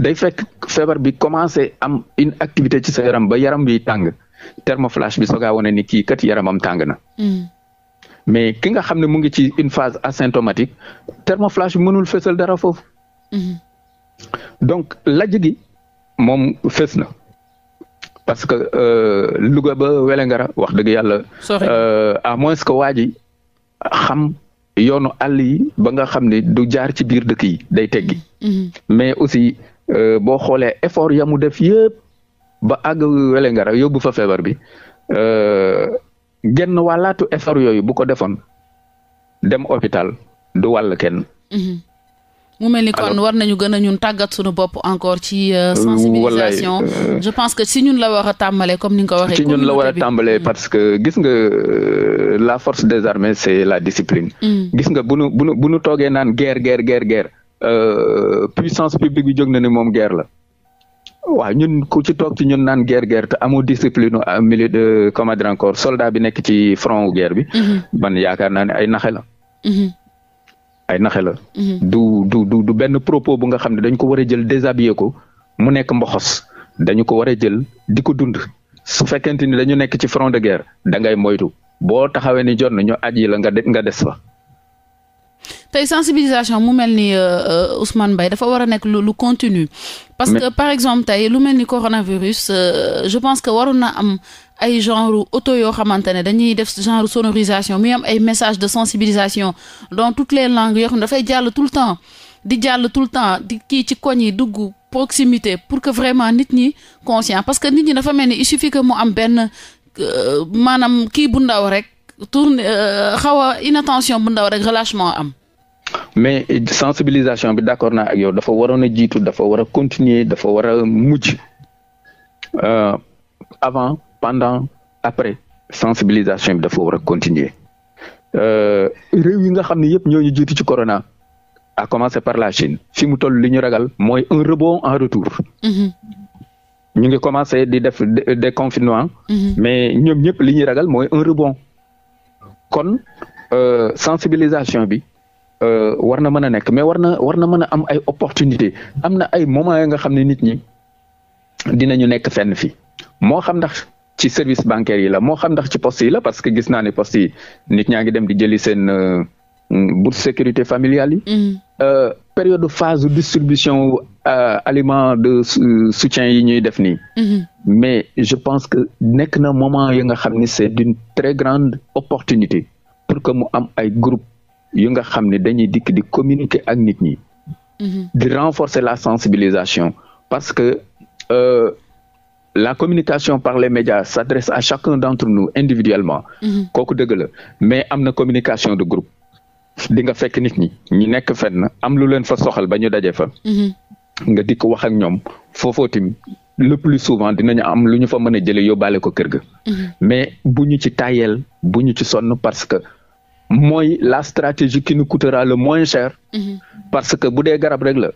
day fekk feebar bi commencé am une activité ci sa yaram ba yaram bi tàng thermoflash bi soogaa wone ni kii kat yaramam tàng na. Hmm. mais ki nga xam ne mu ngi ci une phase asymptomatique thermoflash bi mënul fësal dara foofu. Mhm. donc lajj gi moom fës na. parce que euh, Louga ba Welengara wax dëgg yàlla. Euh, à moins que waa ji xam yoonu àll yi ba nga xam ne du jaar ci biir dëkk yi day teggi. Mhm. mais aussi euh, boo xoolee effort ya mu def yëpp ba àgg Welengara yóbbu fa feebar bi. genn wàllaatu effort yooyu bu ko defoon dem hôpital du wàll kenn. Mhm. mu mel ni kon war nañu gën a ñun tàggat suñu bopp encore ci. Euh, sensibilisation euh, je pense que si ñun la war a tàmbalee comme ni nga ko waxee. ci ñun la mhm. parce que gis nga euh, la force des armées c'est la discipline. Mhm. gis nga bu nu toogee naan guerre guerre guerre guerre puissance publique bi jóg na ni moom guerre la. waaw ñun ku ci toog ci ñun naan guerre guerre te amoo discipline milieu de commander encore soldat bi nekk ci front wu guerre bi. Mhm. man yaakaar naa ne ay naxe la. Mhm. ay naxe la. Mhm. du du du du benn propos bu nga xam ne dañ ko war a jël déshabiller ko mu nekk mboxos dañu ko war a jël di ko dund su fekkente ni dañu nekk ci front de guerre da ngay moytu boo taxawee ni jot na ñu aji la nga des fa. tey sensibilisation mu mel ni euh, euh, Ousmane Mbaye dafa war a nekk lu lu continue parce que par exemple tey lu mel ni coronavirus euh, je pense que waroon na am ay genre auto yoo xamante ne dañuy def genre sonorisation muy am ay message de sensibilisation dans toutes les langues yoo xam ne dafay jàll tout le temps di jàll tout le temps di kii ci koñ yi dugg proximité pour que vraiment nit ñi conscient parce que nit ñi dafa mel ni il suffit que mu am benn maanaam kii bu ndaw rek tourne xaw a inattention bu ndaw rek relâchement am mais sensibilisation bi d'accord na ak yow dafa waroon a jiitu dafa war a continuer dafa war a mujj euh, avant pendant après sensibilisation bi dafa war a continuer euh, réew yi nga xam ne yëpp ñoo ñu jiitu ci corona à commencer par la Chine fi mu toll li ñu ragal mooy un rebond en retour. Mm-hmm. ñu ngi commencer di def déconfinement. De, mm-hmm. de mais ñoom ñëpp li ñuy ragal mooy un rebond kon euh, sensibilisation bi. Euh, war na mën a nekk mais war na war na mën am ay opportunité am na ay moment ya nga xam ne nit ñi ñu nekk fenn fi moo xam ndax ci service bancaire yi la moo xam ndax ci poste yi la parce que gis naa ne poste yi nit ñaa ngi dem di jëli seen euh, bu sécurité familiale yi. Mm-hmm. Euh, période phase distribution aliment de soutien yi ñuy def nii. Mm-hmm. mais je pense que nekk na moment yi nga xam ni c'est d'une très grande opportunité pour que mu am ay groupe yu nga xam ne dañuy dikk di communiquer ak nit ñi. Mhm. di renforcer la sensibilisation parce que euh, la communication par les médias s'adresse à chacun d'entre nous individuellement. Mhm. kooku dëgg la mais am na communication de groupe. di fekk nit ñi ñi nekk fenn am lu leen fa soxal ba ñu daje fa. Mhm. nga dikk wax ñoom foofoo tamit le plus souvent dinañu am lu ñu fa mën a jëlee yóbbaale ko kër ga. mais bu ñu ci tayel bu ñu ci sonn parce que. mooy la stratégie qui nous coûtera le moins cher. Mhm. parce que bu dee garab rek la.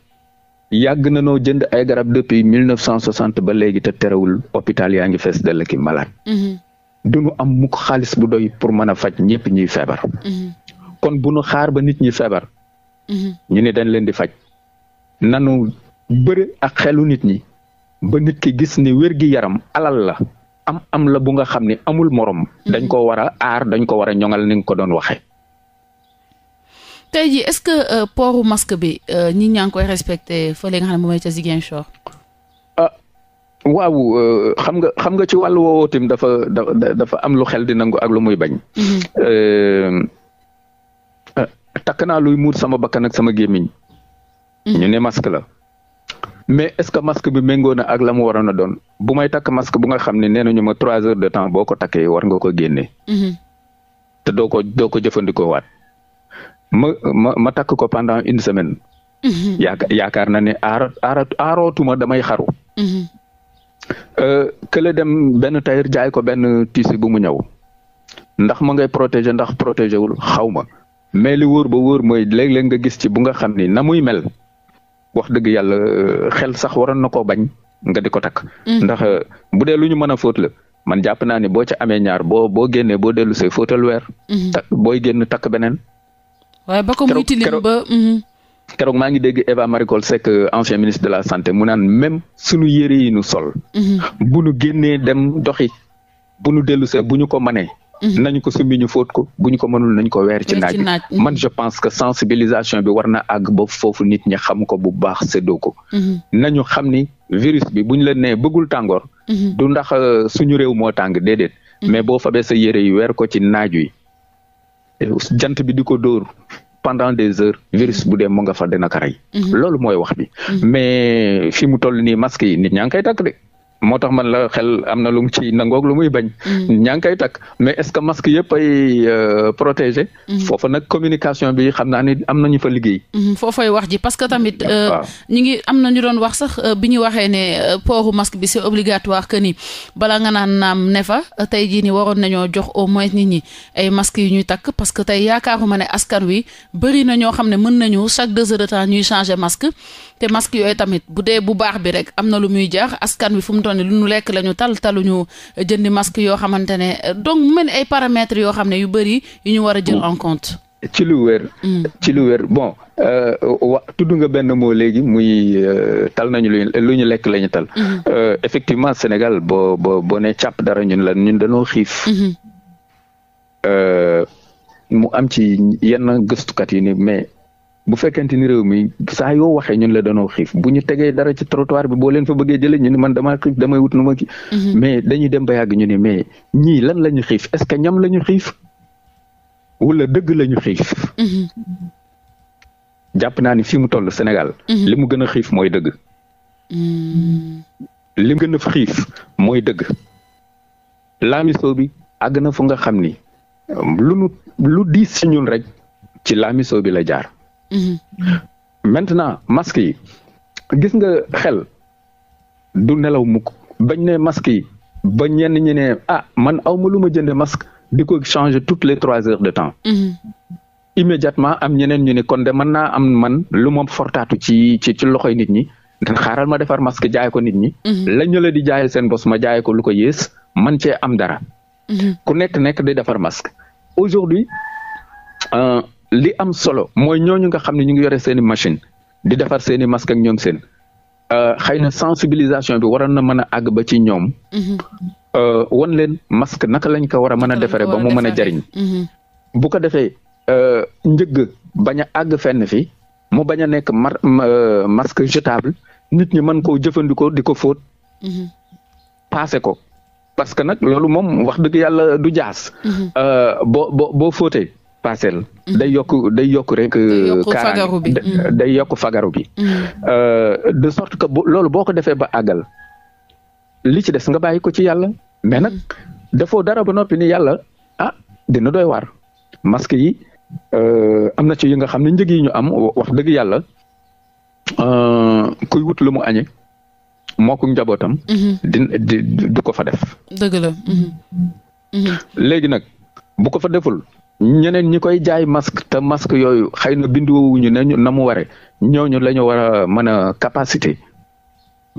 yàgg na noo jënd ay garab depuis mille neuf cent soixante ba léegi te terewul hôpital yaa ngi fees dell ki malade. Mhm. du nu am mukk xaalis bu doy pour mën a faj ñëpp ñuy feebar. Mhm. kon bu nu xaar ba nit ñi feebar. ñu ne dañ leen di faj. nanu bëri ak xelu nit ñi. ba nit ki gis ni wér gi yaram alal la. am am la bu nga xam ni amul moroom dañ ko war a aar dañ ko war a ñoŋal ni ko doon waxee. tey jii est-ce que euh, pooru masque bi euh, ñi ñaa ngi koy respecté fële nga xam ne moom mooy ca Ziguinchor. ah waaw euh, xam nga xam nga ci wàllu woowu dafa dafa am lu xel di nangu ak lu muy bañ. Mm-hmm. Ah, takk naa luy muur sama bakkan ak sama gémmiñ. Mm-hmm. ñu ne masque la. mais est-ce que masque bi méngoo na ak la mu waroon a doon bu may takk masque bu nga xam ne nee nañu ma trois heures de temps boo ko takkee war nga ko génne. Mm-hmm. te doo ko doo ko jëfandikoo waat. ma ma takk ko pendant une semaine. Mhm. yaaka yaakaar na ne aara aara damay xaru. Mhm. Euh, kële dem benn tailleur jaay ko benn tissu bu mu ñëw ndax ma ngay protéger ndax protéger wul xaw ma mais li wóor ba wóor mooy léeg-léeg nga gis ci bu nga xam ni na muy mel wax dëgg yàlla euh, xel sax waroon na ko bañ nga di ko takk. Mhm. ndax euh, bu dee lu ñu mën a fóot la man jàpp naa ni boo ci amee ñaar boo boo génnee boo dellu see fóotal weer. takk booy génn takk beneen. waaye ba ko muy tilim ba. Mhm. maa ngi dégg Eva Maricol Seck ancien ministre de la santé mu naan même suñu yére yi nu sol. Mhm. bu nu dem doxi bu nu dellu see bu ñu ko manee. Mhm. nañ ko summi ñu fóot ko bu ko mënul nañ ko weer ci naaj bi man je pense que sensibilisation bi war na àgg ba foofu nit ñi xam ko bu baax séddoo ko. nañu xam ni virus bi bu ñu la nee bëggul tàngoor. du ndax euh, suñu réew moo tàng déedéet. mais boo fabee sa yére yi weer ko ci naaj wi jant bi di ko dóor pendant des heures virus bu dee mu nga fa dina ko rey. Mhm. loolu mooy wax bi. Mhm. mais fi mu moo tax man la xel am na lu ci ciy nangoog lu muy bañ. Mm-hmm. ñaa ngi koy takk mais est-ce que masque yëpp ay euh, protégé. Mm-hmm. foofa nag communication bi xam naa ni am na fa liggéey. Mm-hmm. foofay wax ji parce que tamit. Ah. Euh, ñu ngi am na ñu doon wax sax euh, bi ñu waxee ne pooru masque bi c'est obligatoire que ni bala nga naan naam ne fa tey jii ni waroon nañoo jox au moins nit ñi ay masques yu ñuy takk parce que tey yaakaaruma ne askan wi bëri na ñoo xam ne mën nañu chaque deux heures de temps ñuy changer masque. te masque yooyu tamit bu dee bu baax bi rek am na lu muy jaax askan wi fu mu toll lu nu lekk lañu ñu tal taluñu jënd masque yoo xamante ne donc mu ay paramètres yoo xam ne yu bëri yu ñu war a jël en ci lu wér. Mm. ci lu wér bon euh, wa tudd nga benn moo léegi muy euh, tal nañu lu ñu lekk la ñu tal. Mm-hmm. Euh, effectivement Sénégal boo boo boo nee càpp dara ñun la ñun dañoo xiif. Mm-hmm. mu am ci yenn gëstukat yi ni mais bu fekkente ni réew mi saa yoo waxee ñun la danoo xiif bu ñu tegee dara ci trottoir bi boo leen fa bëggee jëlee ñu ne man damaa xiif damay wut nu ma ki mhm. mais dañuy dem ba yàgg ñu ne mais ñii lan lañu ñu xiif est-ce que ñam la ñu xiif wala dëgg la ñu xiif. Mhm. jàpp naa ni fi mu toll Sénégal. Mhm. mu gën a xiif mooy dëgg. Mm. li mu gën a xiif mooy dëgg. laamiso bi na fu nga xam ni lu nu diis si ñun rek ci laamiso bi la jaar. Mm-hmm. maintenant masque yi gis nga xel du nelaw mukk bañ ne masque yi ba ñenn ñi ne ah man ma lu ma jënde masque di ko changer toutes les trois heures de temps mm-hmm. immédiatement am ñeneen ñu ne kon de man naa am man lu ma fortatu ci ci ci loxoy nit ñi dan xaaral ma defar masque jaay ko nit ñi mm-hmm. la ñu la di jaayal seen bos ma jaay ko lu ko yées man cee am dara ku nekk nekk day defar masque aujourd'hui euh, li am solo mooy ñooñu nga xam ne ñu ngi yore seeni machine di defar seeni i ñoom seen euh, xëy na sensibilisation bi waroon na mën a àgg ba ci ñoom. Mm-hmm. Euh, wan leen masque naka lañ ko war a mën a defaree ba mu mën a jariñ. Mm-hmm. bu ko defee euh, njëgg bañ a àgg fenn fi mu bañ a nekk mar masque jetable nit ñi mën koo jëfandikoo di ko fóot. Mm-hmm. paase ko parce que nag loolu moom wax dëgg yàlla du jaas. bo boo boo fóotee parcelle mm-hmm. da yokk day yokk rek. Euh, kaaraange mm-hmm. day yokk fagaru bi. Mm-hmm. Euh, de sorte que loolu boo ko defee ba àggal li ci des nga bàyyi ko ci yàlla mais nag defoo dara ba noppi ni yàlla ah dina doy waar masque yi euh, am na ci yi nga xam ne njëg yi ñu am wax dëgg yàlla kuy wut lu añe moo ko njabootam. di du ko fa def. dëgg nag bu fa deful. ñeneen ñi koy jaay masque te masque yooyu xëy na binduwuñu ne na mu waree ñooñu la ñu war a mën a capacité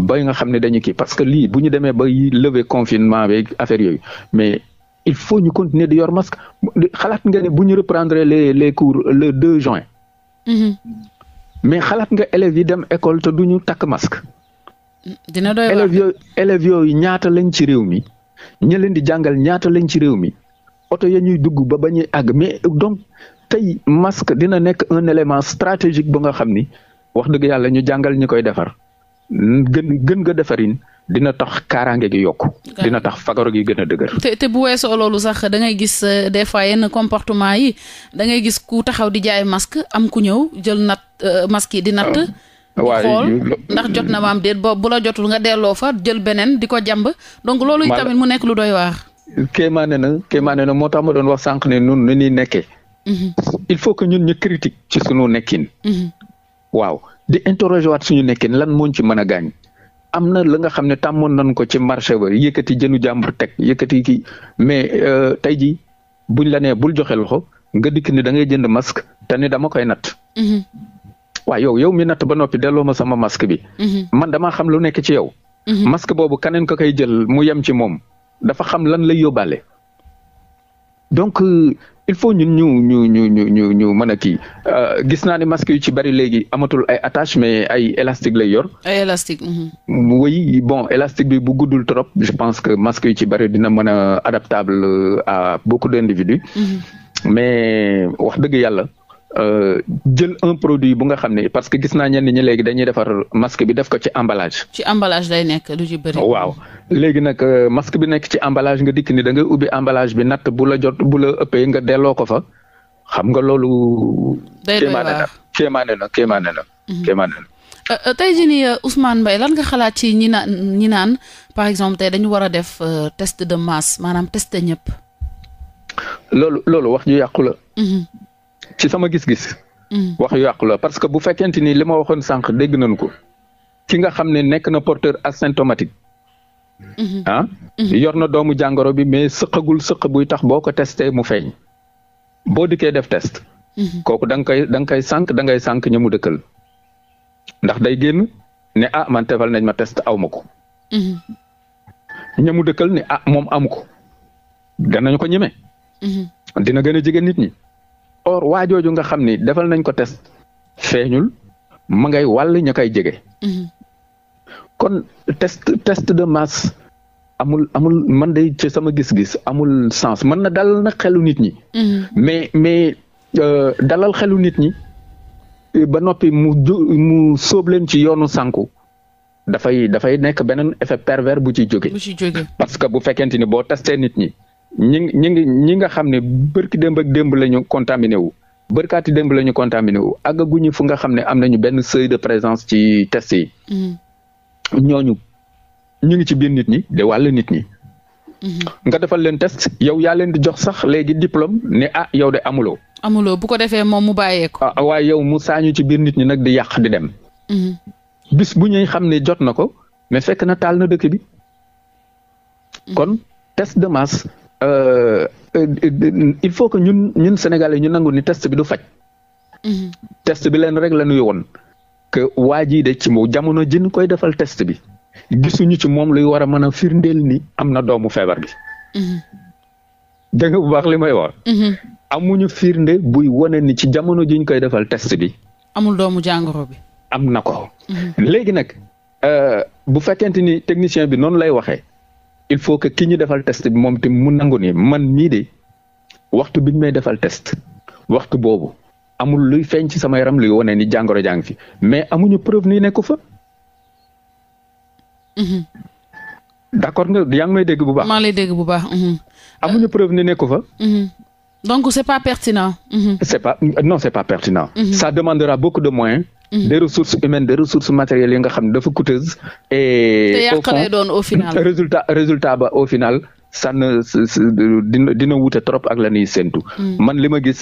ba nga xam ne dañu ki parce que lii bu ñu demee ba lever confinement beeg affaire yooyu mais il faut ñu continuer di yor masque xalaat nga ne bu ñu reprendre les les cours le 2 juin. Mm-hmm. mais xalaat nga élèves yi dem école du ñu takk masque. dina doy waar élèves yooyu ñaata lañ ci réew mi ñu leen di jàngal ñaata lañ ci réew mi. oto ya ñuy dugg ba ba ñuy àgg mais donc tey masque dina nekk un élément stratégique bu nga xam ni wax dëgg yàlla ñu jàngal ñu koy defar gën gën nga defarin dina tax kaaraange gi yokk dina tax fagaro gi gën a dëgër. te te bu weesoo loolu sax dangay gis euh, des fois yenn comportement yi da ngay gis ku taxaw di jaay masque am ku ñëw jël nat euh, masque yi di natt. Ah. waaw xool ndax jot na maam déet bu la jotul nga delloo fa jël beneen di ko jàmb. donc loolu tamit mu nekk lu doy waar. kéemaane na kéemaane na moo tax ma doon wax sànq ne nun nu ñuy nekkee mhm. il faut que ñun ñu critique ci suñu nekkin mhm. waaw di interroger waat suñu nekkin lan mooñ ci man a gaañ am na la nga xam ne tàmmoon nañ ko ci marché ba yëkkati jënu jàmbur teg yëkkati ki mais euh, tey ji buñ la ne bul joxe loxo nga dikk ni dangay jënd masque te ni dama koy natt mhm. waaw yow yow mi natt ba noppi delloo ma sama masque bi man damaa xam lu nekk ci yow masque boobu kaneen ko koy jël mu yem ci moom dafa xam lan lay yóbbaale donc euh, il faut ñun ñu ñu ñu ñu ñu ñu mën a kii euh, gis naa ne masque yu ci bari léegi amatul ay attache mais ay élastique lay yor. ay élastique. oui mhm. bon élastique bi bu guddul trop je pense que masque yu ci bari dina mën a adaptable euh, à beaucoup d' individus. Mhm. mais wax dëgg yàlla. Euh, jël un produit bu nga xam ne parce que gis naa ñenn ñi léegi dañuy defar masque bi def ko ci emballage. ci emballage lay nekk du ci bëri. waaw léegi nag euh, masque bi nekk ci emballage nga dikk ni da ngay ubbi emballage bi natt bu la jot bula la ëppee nga delloo ko fa xam nga loolu. day doy waar kéemaane na kéemaane na mhm. kéemaane na. Euh, tey jii nii Ousmane Mbaye lan nga xalaat ci ñi naan ñi naan par exemple tey dañu war a def test de masse maanaam test ñëpp. loolu wax ju yàqu la. Mhm. ci sama gis-gis. Mm. wax yu yàqu la parce que bu fekkente ni li ma waxoon sànq dégg nañu ko ki nga xam ne nekk na porteur asymptomatique. Mm-hmm. ah mm-hmm. yor na doomu jàngoro bi mais sëqagul sëq buy tax boo ko testé mu feeñ boo dikkee def test. Mm-hmm. kooku da nga koy da nga koy sànq da ngay sànq ñu mu dëkkal ndax day génn ne ah man tefal nañ ma test aw ko. ñamu dëkkal ne ah moom amu ko danañ ko ñeme. dina gën a nit ñi. or waa jooju nga xam ni defal nañ ko test feeñul ma ngay wàll ña koy jege. Mm-hmm. kon test de masse amul amul man day ci sama gis-gis amul sens man na dalal na xelu nit ñi. Mm-hmm. mais mais euh, dalal xelu nit ñi euh, ba noppi mu ju mu sóob leen ci yoonu sànku. dafay dafay nekk beneen effet pervers bu ci jóge. bu ci parce que bu fekkente ni boo testee nit ñi. ñi ñi ngi ñi nga xam ne bërki demb ak démb la ñu contaminé wu bërkaati demb la ñu contaminé wu àggaguñu fu nga xam ne am nañu benn seuil de présence ci test yi. Mm-hmm. ñooñu ñu ngi ci biir nit ñi de wàll nit ñi. Mm-hmm. nga defal leen test yow yaa leen di jox sax léegi diplôme ne ah yow de amuloo. amuloo bu ko defee moom mu bàyyee ko. ah waaye yow mu saañu ci biir nit ñi nag di yàq di dem. Mm-hmm. bis bu ñuy xam ne jot na ko mais fekk na taal na dëkk bi. kon test de masse Euh, euh, euh, il faut que ñun ñun Sénégalais ñu nangu ni test bi du faj. Mhm. test bi leen rek la nuy woon que waa jii de ci moom jamono jën koy defal test bi gisuñu ci moom luy war a mën a firndeel ni am na doomu feebar bi. Mhm. dégg bu baax li may wax. Mhm. amuñu firnde buy wane ni ci jamono ji koy defal test bi. amul doomu jàngoro bi. am na ko. léegi nag bu fekkente ni technicien bi noonu lay waxee. il faut que ki ñu defal test bi moom te mu nangu ni man mii de waxtu bi ñu may defal test waxtu boobu amul luy feeñ ci sama yaram luy wane ni jàngoro jàng fi mais amuñu preuve ni nekku fa. Mhm. d'accord nga yaa ngi may dégg bu baax. maa lay bu baax. Mhm. amuñu euh, preuve ni nekku fa. Mhm. donc c'est pas pertinent. c'est pas non c'est pas pertinent. ça demandera beaucoup de moyens. Mm-hmm. des ressources humaines des ressources matérielles yi nga xam ne dafa coûteuse et te yàq doon au final résultat résultat ba au final sànn dina dina wute trop ak la ñuy séntu mm-hmm. man li ma gis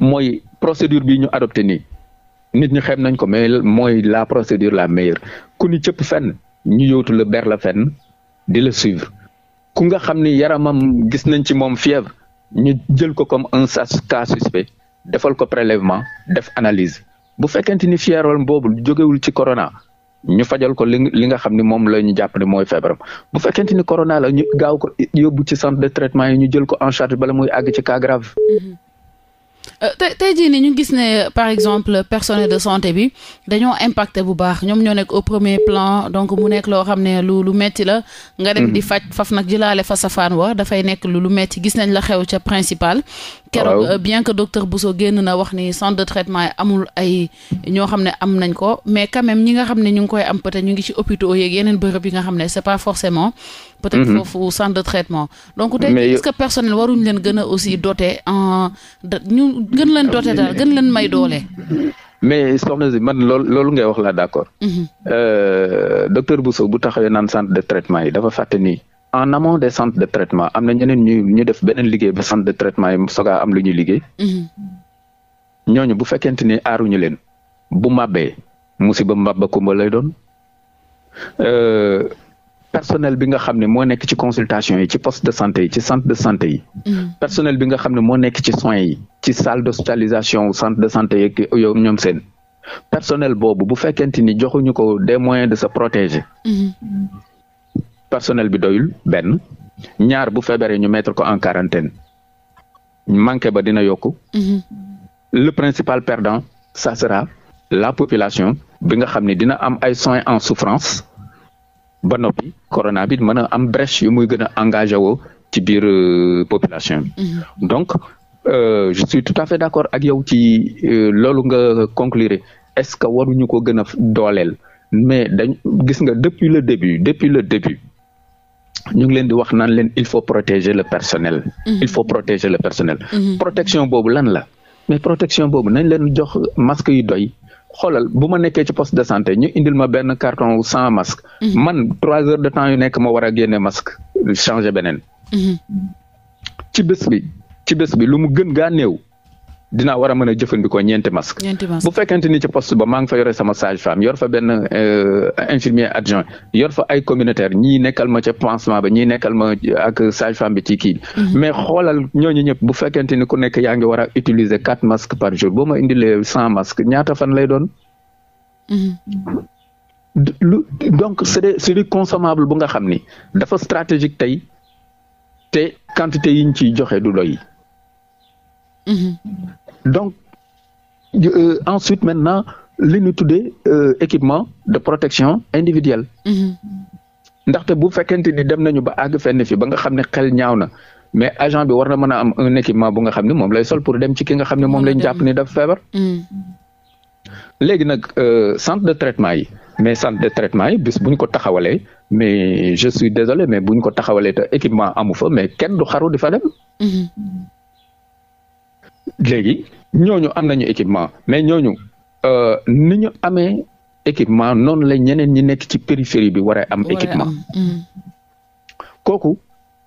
mooy procédure bi ñu adopté nii nit ñi xam nañ ko mais mooy la procédure la meilleure ku ni cëpp fenn ñu yowtu la ber la fenn di la suivre ku nga xam ni yaramam gis nañ ci moom fièvre ñu jël ko comme un cas suspect defal ko prélèvement def analyse bu fekkente ni fièvre boobu jogewul ci corona ñu fajal ko li li nga xam ne moom la ñu jàpp mooy feebaram bu fekkente ni corona la ñu gaaw ko yóbbu ci centre de traitement yi ñu jël ko en charge bala muy àgg ci cas grave. Mm-hmm. Euh, tey tey jii nii ñu gis ne par exemple personnel de santé bi dañoo impacté bu baax ñoom ñoo nekk au premier plan donc mu nekk loo xam ne lu lu metti la. nga dem mm-hmm. di faj faf nag jëlaale fa safaan wa dafay nekk lu lu metti gis nañ la xew ca principal. keroog euh, bien que docteur Bousso génn na wax ni centre de traitement yi amul ay ñoo xam ne am nañ ko mais quand même ñi nga xam ne ñu ngi koy am peut ñu ngi ci hôpitaux yeeg yeneen bërëb yi nga xam ne c'est pas forcément peut-être mm foofu centre de traitement donc tey est-ce que personnel waruñ leen gën a aussi doté en ñu gën leen doté daal gën leen may doole mais soxna si man loolu loolu ngay wax la d'accord mhm. euh, docteur Bousso bu taxawee naan centre de traitement yi dafa fàtte nii en amont des centres de traitement am na ñeneen ñu ñu def beneen liggéey ba centre de traitement yi sogaa am lu ñu liggéey. Mm-hmm. ñooñu bu fekkente ni aaruñu leen bu màbbee musiba mbàbba kumba lay doon. Euh, personnel bi nga xam ne moo nekk ci consultation yi ci poste de santé yi ci centre de santé yi. Mm-hmm. personnel bi nga xam ne moo nekk ci soins yi ci salle d'hospitalisation centre de santé yeeg ñoom seen personnel boobu bu fekkente ni joxuñu ko des moyens de se protéger. Mm-hmm. personnel bi doyul benn ñaar bu feebaree ñu mettre ko en quarantaine manqué ba dina yokku mhm. le principal perdant ça sera la population bi nga xam ne dina am ay soins en souffrance ba noppi corona bi mën a am brèche yu muy gën a engagé woo ci biir euh, population bi mhm. donc euh, je suis tout à fait d'accord ak yow ci euh, loolu nga conclure est-ce que waruñu ko gën a dooleel mais dañ gis nga le début depuis le début ñu ngi leen di wax naan leen il faut protéger le personnel. Mhm. il faut protéger le personnel. Mhm. protection boobu lan la mais protection boobu nañ leen jox masque yi doy. xoolal bu ma nekkee ci poste de santé ñu indil ma benn carton wu sans masque. Mhm. man trois heures de temps yu nekk ma war a génne masque changer beneen. ci bés bi ci bés bi lu mu gën gaa neew dina war a mën a jëfandikoo ñeenti masque bu fekkente ni ci poste ba maa ngi fa yore sama sage femme yor fa benn euh, infirmier adjoint yor fa ay communautaire ñii nekkal ma ca pansement ba ñii nekkal ma ak sage femme bi ci kii mhm. mais xoolal ñooñu ñëpp bu fekkente ni ku nekk yaa ngi war a utiliser quatre masques par jour boo ma indilee cent masques ñaata fan lay doon mhm. lu donc c'est des c'est bu nga xam ni dafa stratégique tey te quantité yi ñu ciy joxe du doy mhm. donc euh, ensuite maintenant li ñu tuddee euh, équipement de protection individuelle. Mm-hmm. ndaxte bu fekkente ni dem nañu ba àgg fenn fi ba nga xam ne xel ñaaw na mais agent bi war na mën a am un équipement bu nga xam ne moom lay sol pour dem ci ki nga xam ne moom lañ jàpp ni dafa feebar. Mm-hmm. léegi nag euh, centre de traitement yi mais centre de traitement yi bis buñ ko taxawalee mais je suis désolé mais bu ñu ko taxawalee te équipement amu fa mais kenn du xaru di fa dem. Mm-hmm. léegi ñooñu am nañu équipement mais ñooñu euh, ni ñu amee équipement noonu la ñeneen ñi nekk ci périphérie bi war a am équipement mm. kooku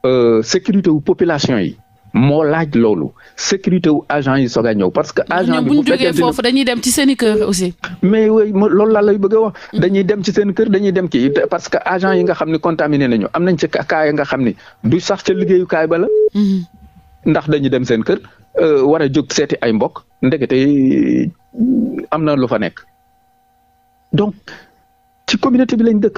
euh, sécurité wu population yi moo laaj loolu sécurité wu agent yi soog a ñëw parce que. agent bi bu fekkee foofu dañuy dem ci seen i kër aussi. mais loolu laa lay bëgg a wax. Mm. dañuy dem ci seen kër dañuy dem kii parce que agent yi nga xam ne contaminé nañu am nañ ci cas yi nga xam ni du sax ca liggéeyukaay ba la. Mm-hmm. ndax dañuy dem seen Euh, war a jóg seeti ay mbokk ndekete am na lu fa nekk donc ci communauté bi lañ dëkk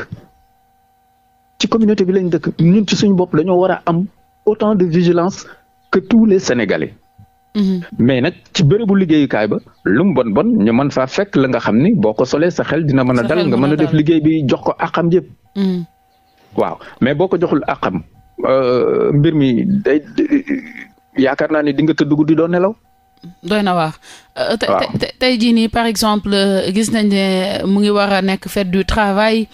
ci communauté bi lañ dëkk ñun ci suñu bopp dañoo war a am autant de vigilance que tous les Sénégalais. Mm-hmm. mais nag ci bërëbu liggéeyukaay ba lu bon bon ñu mën faa fekk la nga xam ni boo ko solee sa xel dina mën a dal nga mën a def liggéey bi jox ko àqam yëpp. Mm-hmm. waaw mais boo ko joxul àqam euh, mbir mi yaakaar naa ne di nga tëdd guddi doo nelaw. doy na waar. Euh, waaw tey jii nii par exemple euh, gis nañ ne mu ngi war a nekk fête du travail.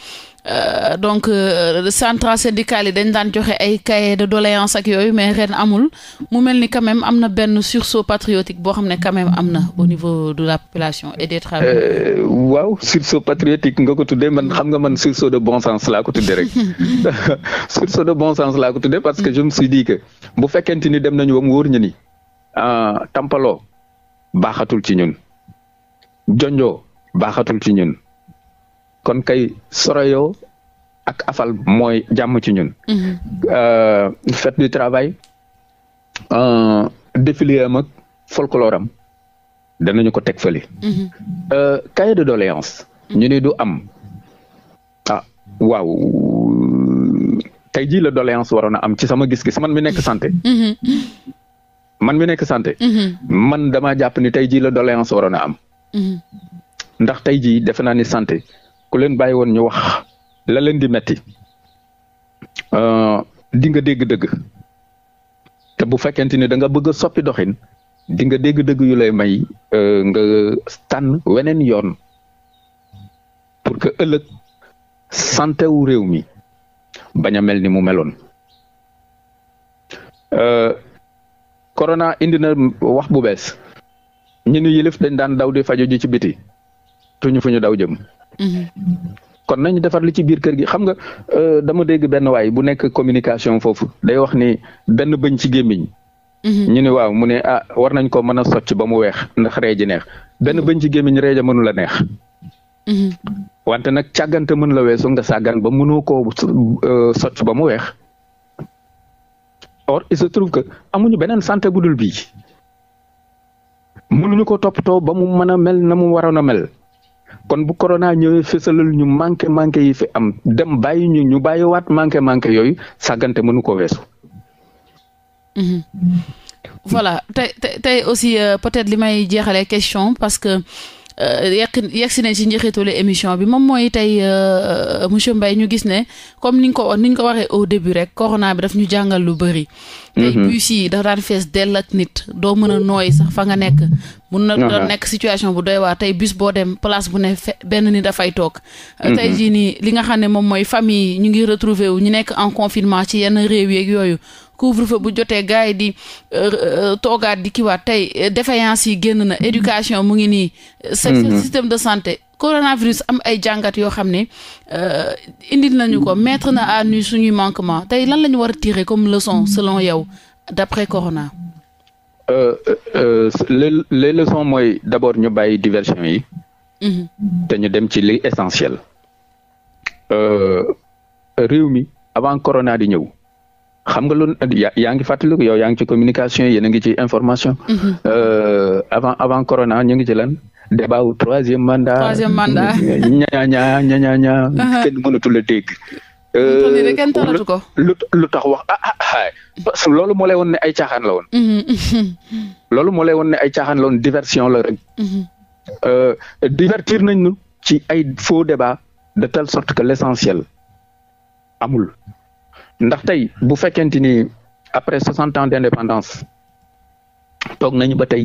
Euh, donc euh, central syndical yi dañ daan joxe ay cahier de doléance ak yooyu mais ren amul mu mel ni quand même am na benn sursaut patriotique boo xam ne quand même am na au niveau de la population et des travailleurs. Euh, waaw sursaut patriotique nga ko tuddee man xam nga man sursaut de bon sens laa ko tuddee rek <laughs> <laughs> sursaut de bon sens laa ko tuddee parce que je me suis dit que bu fekkente ni dem nañu ba mu ñu ni ah, tampaloo baaxatul ci ñun jonjoo baaxatul ci ñun. kon kay soroyo ak afal mooy jàmm ci ñun. Mhm. Euh, fête du travail euh, défilé am ak folklore am ko teg fële. Mhm. Euh, cahier de doléance mhm. ñu am ah waaw tey jii la doléance waroon am ci sama gis-gis man mi nekk santé. man mi nekk santé. man dama jàpp ni tey jii la doléance waroon a am. ndax tey jii naa ni santé. ku leen bàyyi woon ñu wax la leen di metti euh, di nga dégg dëgg te bu fekkente ni da nga bëgg soppi doxin di nga dégg dëgg yu lay may euh, nga tànn weneen yoon pour que ëllëg santé wu réew mi bañ a mel ni mu meloon. Euh, corona indi na wax bu bees ñu ni yëlif dañ daan daw di fajo ji ci biti tuñu fu ñu daw jëm. Mm-hmm. kon nañu defar li ci biir kër gi xam nga euh, dama dégg benn waay bu nekk communication foofu day wax ni benn bëñ ci gémmiñ mm-hmm. ñu ne waaw mu ne ah war nañ ko mën a socc ba mu weex ndax ree ji neex benn mm-hmm. bëñ ci gémmiñ ree ja mënu la neex wante nag càggante mën la weesu nga sàggan ba mu mënoo koo euh, socc ba mu weex or il se trouve que amuñu beneen santé bu dul bii mënuñu ko toppatoo ba mu mën a mel na mu waroon a mel kon bu corona ñëwee fësalal ñu manqué manqué yi fi am dem bàyyi ñu ñu waat manqué manqué yooyu sàggante mënu ko weesu. Mhm. voilà tey tey aussi euh, peut-être li may jeexalee question parce que. Euh, yegg yegg si nañ si njëxitalu émission bi moom mooy tey euh, euh, monsieur Mbaye ñu gis ne comme ni nga ko ni nga ko waxee au début rek corona bi daf ñu jàngal lu bëri. tey mhm. bus yi dafa daan fees dell ak nit doo mën a nooy sax fa nga nekk. mun na nekk situation bu doy waar tey bus boo dem place bu ne benn ni dafay toog. tey mhm. jii nii li nga xam ne moom mooy fami ñu ngi retrouver wu ñu nekk en confinement ci yenn réew yeeg yooyu. couvre-feu bu jotee gars yi di euh, euh, toogaat di kiwaat tey euh, défaillance yi génn na éducation mu ngi nii mhm. système de santé coronavirus am ay jàngat yoo xam ne indi nañu ko mettre na à nu suñuy manquement tey lan la ñu war a tirer comme leçon selon yow d'après corona Euh, euh, les, les leçons mooy d'abord ñu bàyyi diversion yi mhm. te ñu dem ci li essentiel réew mi avant corona di ñëw xam nga loolu yaa ngi fàttaliku yow yaa ngi ci communication yéen a ngi ci information. Mm-hmm. Euh, avant avant corona ñu ngi ci lan. débat wu troisième mandat. troisième mandat <laughs> ña ña ña ña uh-huh. kenn mënatul euh, lu tax wax a ah, ah, ah parce que loolu moo lay woon ne ay caaxaan la woon. Mm-hmm. <laughs> loolu moo lay woon ne ay caaxaan la woon diversion rek. Mm-hmm. Euh, divertir nañ ñu ci ay faux débat de telle sorte que l' essentiel amul. ndax tey bu fekkente ni après soixante ans d' indépendance toog nañu ba tey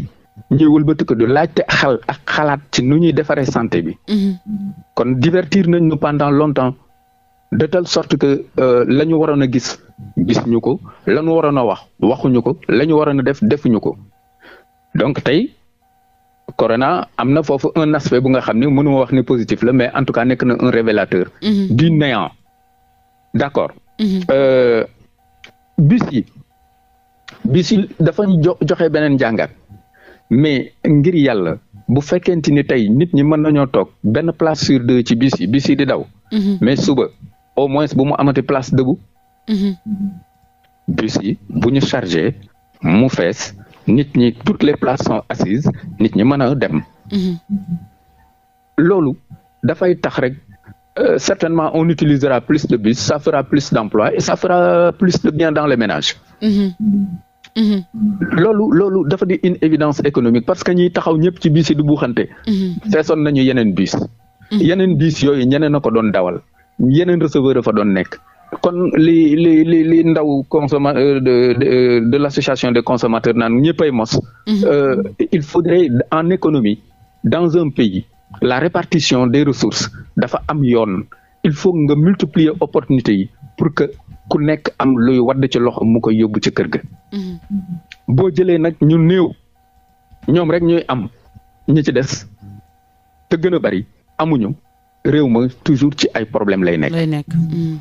ñuy wëlbatiku du laajte xel ak xalaat ci nu ñuy defaree santé bi. Mhm. kon divertir nañ nu pendant longtemps de telle sorte que euh, la ñu waroon a gis gis ñu ko la ñu waroon a wax waxuñu ko la ñu waroon a def defuñu ko donc tey. corona am na foofu un aspect bu nga xam ne mënuma wax ni positif la mais en tout cas nekk na un révélateur. Mhm. du néant d'accord Mm-hmm. Euh, bis bisi dafa joxe beneen jàngat mais ngir yàlla bu fekkente ni tey nit ñi mën nañoo toog benn place sur deux ci bisi yi di daw. Mm-hmm. mais suba au moins bu mu amati place debout. Mm-hmm. bus yi bu ñu chargé mu fees nit ñi toutes les places sont assises nit ñi mën a dem. loolu dafay tax rek euh, certainement on utilisera plus de bus, ça fera plus d'emplois et ça fera plus de biens dans les ménages. Mm-hmm. Mm-hmm. loolu loolu dafa di une évidence économique parce que ñi taxaw ñëpp ci bis yi du buuxante. feesoon mm-hmm. nañu yeneen bis. yeneen bis yooyu ñeneen a ko doon dawal yeneen receveur fa doon nekk. kon li li li li ndaw consomma euh, de de euh, de l'association des consommateurs naan ñëppay mos. Euh, il faudrait en économie dans un pays. la répartition des ressources dafa am yoon il faut nga multiplier opportunité yi pour que ku nekk am luy wadd ci loxo mu koy yóbbu ca kër ga. Mm-hmm. boo jëlee nag ñu néew ñoom rek ñuy am ñi ci des te gën a bari amuñu réew ma toujours ci ay problème lay nekk. Mm.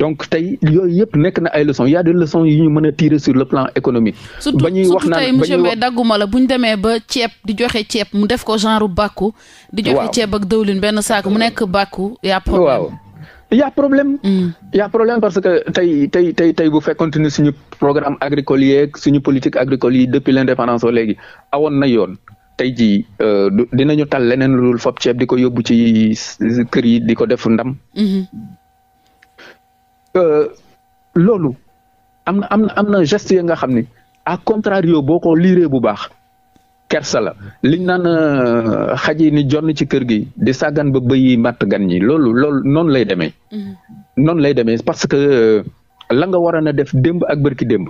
donc tey yooyu yëpp nekk na ay leçons y a leçons yu ñu mën a tiire sur le plan économique. ba ñuy wax naan ba monsieur Mbaye bu ñu demee ba ceeb di joxe ceeb mu def ko genre bàkku. di joxe ceeb ak dëwlin benn saako mu nekk bàkku y problème. waaw a problème. Mm. y problème parce que tey tey tey tey bu fekk continuer suñu programme agricole yeeg suñu politique agricole yi depuis l' indépendance léegi awoon na yoon. tey jii euh, dinañu tal leneen lu dul ceeb di ko yóbbu ci kër yi di ko def ndam. Mhm. Euh, loolu am na am na am na geste yi nga xam ni à contrario boo ko liiree bu baax kersa la liñ naan euh, xaj yi ni jonn ci kër gi di sàggan ba bëyi matt gan ñi loolu loolu noonu lay demee. Mhm. noonu lay demee parce que la nga waroon a def démb ak bërki démb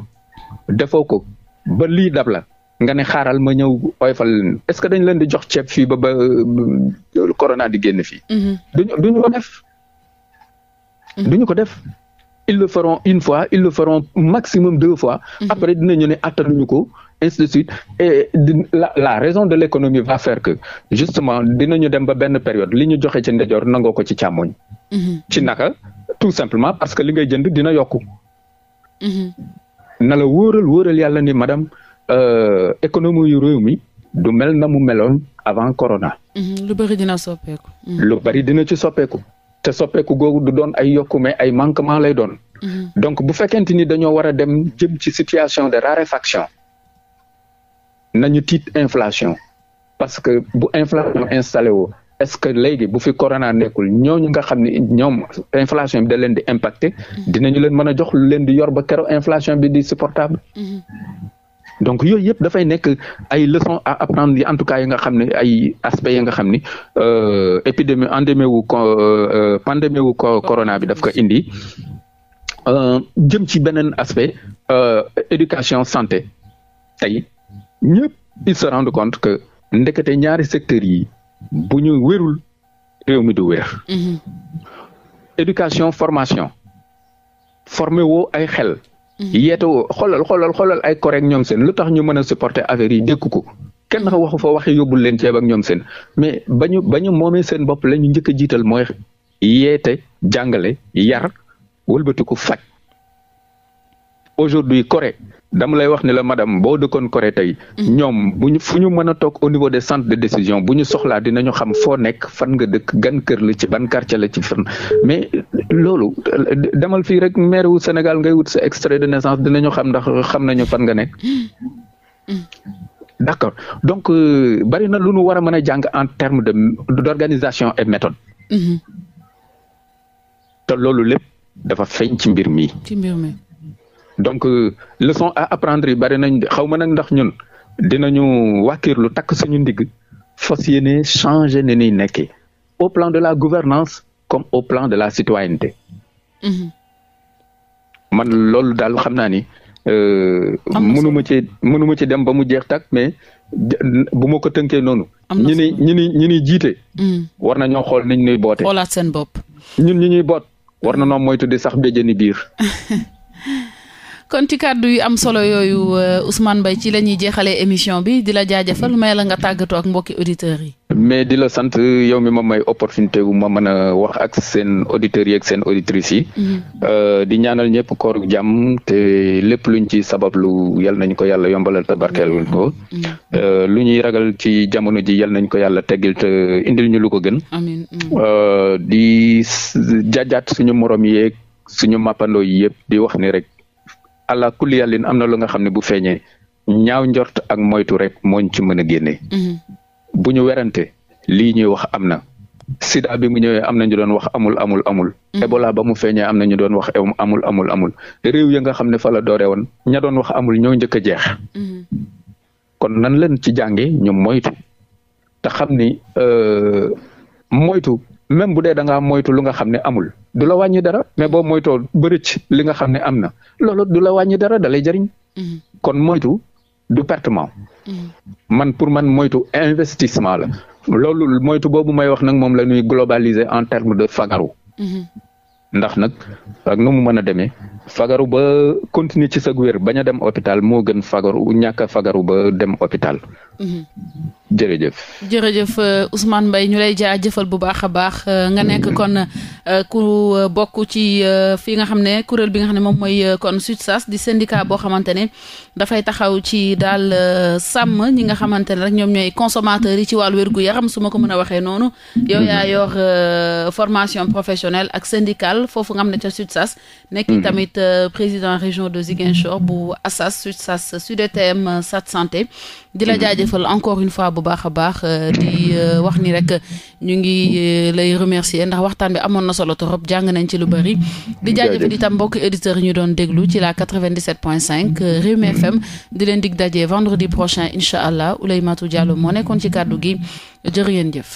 defoo ko ba lii dab la nga ne ma ñëw oyfal leen est ce que dañ leen di jox ceeb fii ba ba corona di génn fii. Mhm. duñu duñu ko def. Mhm. duñu ko def. ils le feront une fois ils le feront maximum deux fois. Mhm. après dinañu ne attanuñu ko ainsi de suite la la raison de l' économie va faire que justement dem ba benn période li ñu joxe ci ndejoor nangoo ko ci càmmoñ. ci naka tout simplement parce que li ngay jënd dina yokku. na la wóoral wóoral madame. Euh, économie yu réew mi du mel na mu meloon avant corona. Mhm, lu bëri dina soppeeku. Mhm. lu bëri dina ci soppeeku. te soppeeku googu du doon ay yokku mais ay manquement lay doon. Mhm. donc bu fekkente ni dañoo war a dem jëm ci situation de raréfaction nañu tiit inflation parce que bu inflation installé woo est-ce que léegi bu fi corona nekkul ñooñu nga xam ne ñoom inflation bi da leen di impacter dinañu leen mën a jox lu leen di yor ba keroog inflation bi di supportable. donc yooyu yëpp dafay nekk ay leçons à apprendre en tout cas yi nga xam ne ay aspect yi nga xam ni euh, épidémie endémie wu euh, euh, pandémie wu corona bi daf ko indi jëm ci beneen aspect éducation santé tey ñëpp ils se rendent compte que ndekete ñaari secteurs yi bu ñu wérul réew mi du mm-hmm. éducation formation formé woo ay xel. Mm-hmm. yeetu xoolal xoolal xoolal ay correct ñoom seen lu tax ñu mën a supporter affaire yi dékku ko kenn waxu fa waxi yóbbul leen ceeb ak ñoom seen mais ba ñu ba ñu moomee seen bopp la ñu njëkk a jiital mooy yeete jàngale yar wëlbatiku faj. aujourd'hui Corée dama lay wax ni la madame boo dëkkoon Corée tey. Mm-hmm. ñoom bu ñu fu ñu mën a toog au niveau des centres de décision bu ñu soxlaa dinañu xam foo nekk fan nga dëkk gan kër la ci ban quartier la ci fan. mais loolu demal fii rek maire wu Sénégal ngay wut sa extrait de naissance dinañu xam ndax xam nañu fan nga nekk. Mm-hmm. d'accord donc euh, bari na lu nu war a mën a jàng en terme de d'organisation et méthode. Mm-hmm. te loolu lépp dafa feeñ ci mbir mi. ci mbir mi. donc euh, leçon à apprendre yi bari nañ xaw ma nag ndax ñun dinañu wàkkirlu takk suñu ndigg fas yéene changer ne niy nekkee au plan de la gouvernance comme au plan de la citoyenneté mhm. man loolu daal xam naa ni euh, mënuma ci mënuma ci dem ba mu jeex tak mais bu ma ko tënkee noonu ñi ni ñi ni ñi niy jiite mhm. war na ñoo xool niñ ñuy bootee xoolaat seen bopp ñun ñi ñuy boot war na noo moytu di sax béjjëni biir <laughs> kon ti kàddu yu am solo yooyu euh, Ousmane Mbaye ci la ñuy jeexalee émission bi di la jaajëfal may la nga tàggatoo ak mbokki auditeurs yi. mais di la sant yow mi ma may opportunité bu ma mën a wax ak seen auditeurs yi ak seen auditrices yi. Mm-hmm. Euh, di ñaanal ñëpp koor gu jàmm te lépp luñ ci sabab lu yal nañ ko yàlla yombalal te barkeelul ko. Mm-hmm. Euh, lu ñuy ragal ci jamono ji yal nañ ko yàlla teggil indi indil ñu lu ko gën. amiin mm-hmm. di jaajaat suñu morom yeeg suñu mappandoo yi yëpp di wax ni rek. allah kulli yàllin am na lu nga xam ne bu feeñee ñaaw njort ak moytu rek mooñ ci mën a génnee. Mhm. bu ñu werante lii ñuy wax am na. sida bi mu ñëwee am na ñu wax amul amul amul. Mhm. Ebola ba mu feeñee am na ñu doon wax amul amul amul réew ya nga xam ne fa la woon ña doon wax amul ñoo njëkk a jeex. Mhm. kon nan leen ci jànge ño moytu te xam ni euh, moytu même bu dee da ngaa moytu lu nga xam ne amul du la wàññi dara mais boo moytoo bërëcc li nga xam ne am na loolu du la wàññi dara da lay jëriñ. Mm-hmm. kon moytu du pertement. Mm-hmm. man pour man moytu investissement la. loolu moytu boobu may wax nag moom la ñuy globaliser en terme de fagaru. Mm-hmm. ndax nag ak nu mu mën a demee fagaru ba continuer ci sa wér bañ a dem hôpital moo gën fagaru ñàkk a fagaru ba dem hôpital. jërëjëf jërëjëf euh, Ousmane Mbaye ñu lay jëfal bu baax a baax. Euh, nga nekk mm-hmm. kon euh, ku bokk ci fi nga xam ne kuréel bi nga xam ne moom mooy kon SUTSAS di syndicat boo xamante ne dafay taxaw ci daal sàmm ñi nga xamante ne rek ñoom ñooy consommateurs yi ci wàllu wérgu yaram su ma ko mën waxee noonu. yow yaa mm-hmm. yor formation professionnel ak syndicale foofu nga xam ne ca SUTSAS. nekk mm-hmm. tamit président région de Ziguinchor bu ASAS SUTSAS SUDTM e SAT santé. di la mhm. jaajëfal encore une fois bu baax a baax euh, di euh, wax ni rek ñu ngi euh, lay remercier ndax waxtaan bi amoon na solo trop jàng nañ ci lu bari. di jaajëfal itam mbokk auditeurs yi ñu doon déglu ci la 97.5 Rewmi FM mhm. di leen dig daje vendredi prochain incha allah Ouleymatou Diallo moo nekkoon ci kàddu gi jërë ngeen jëf.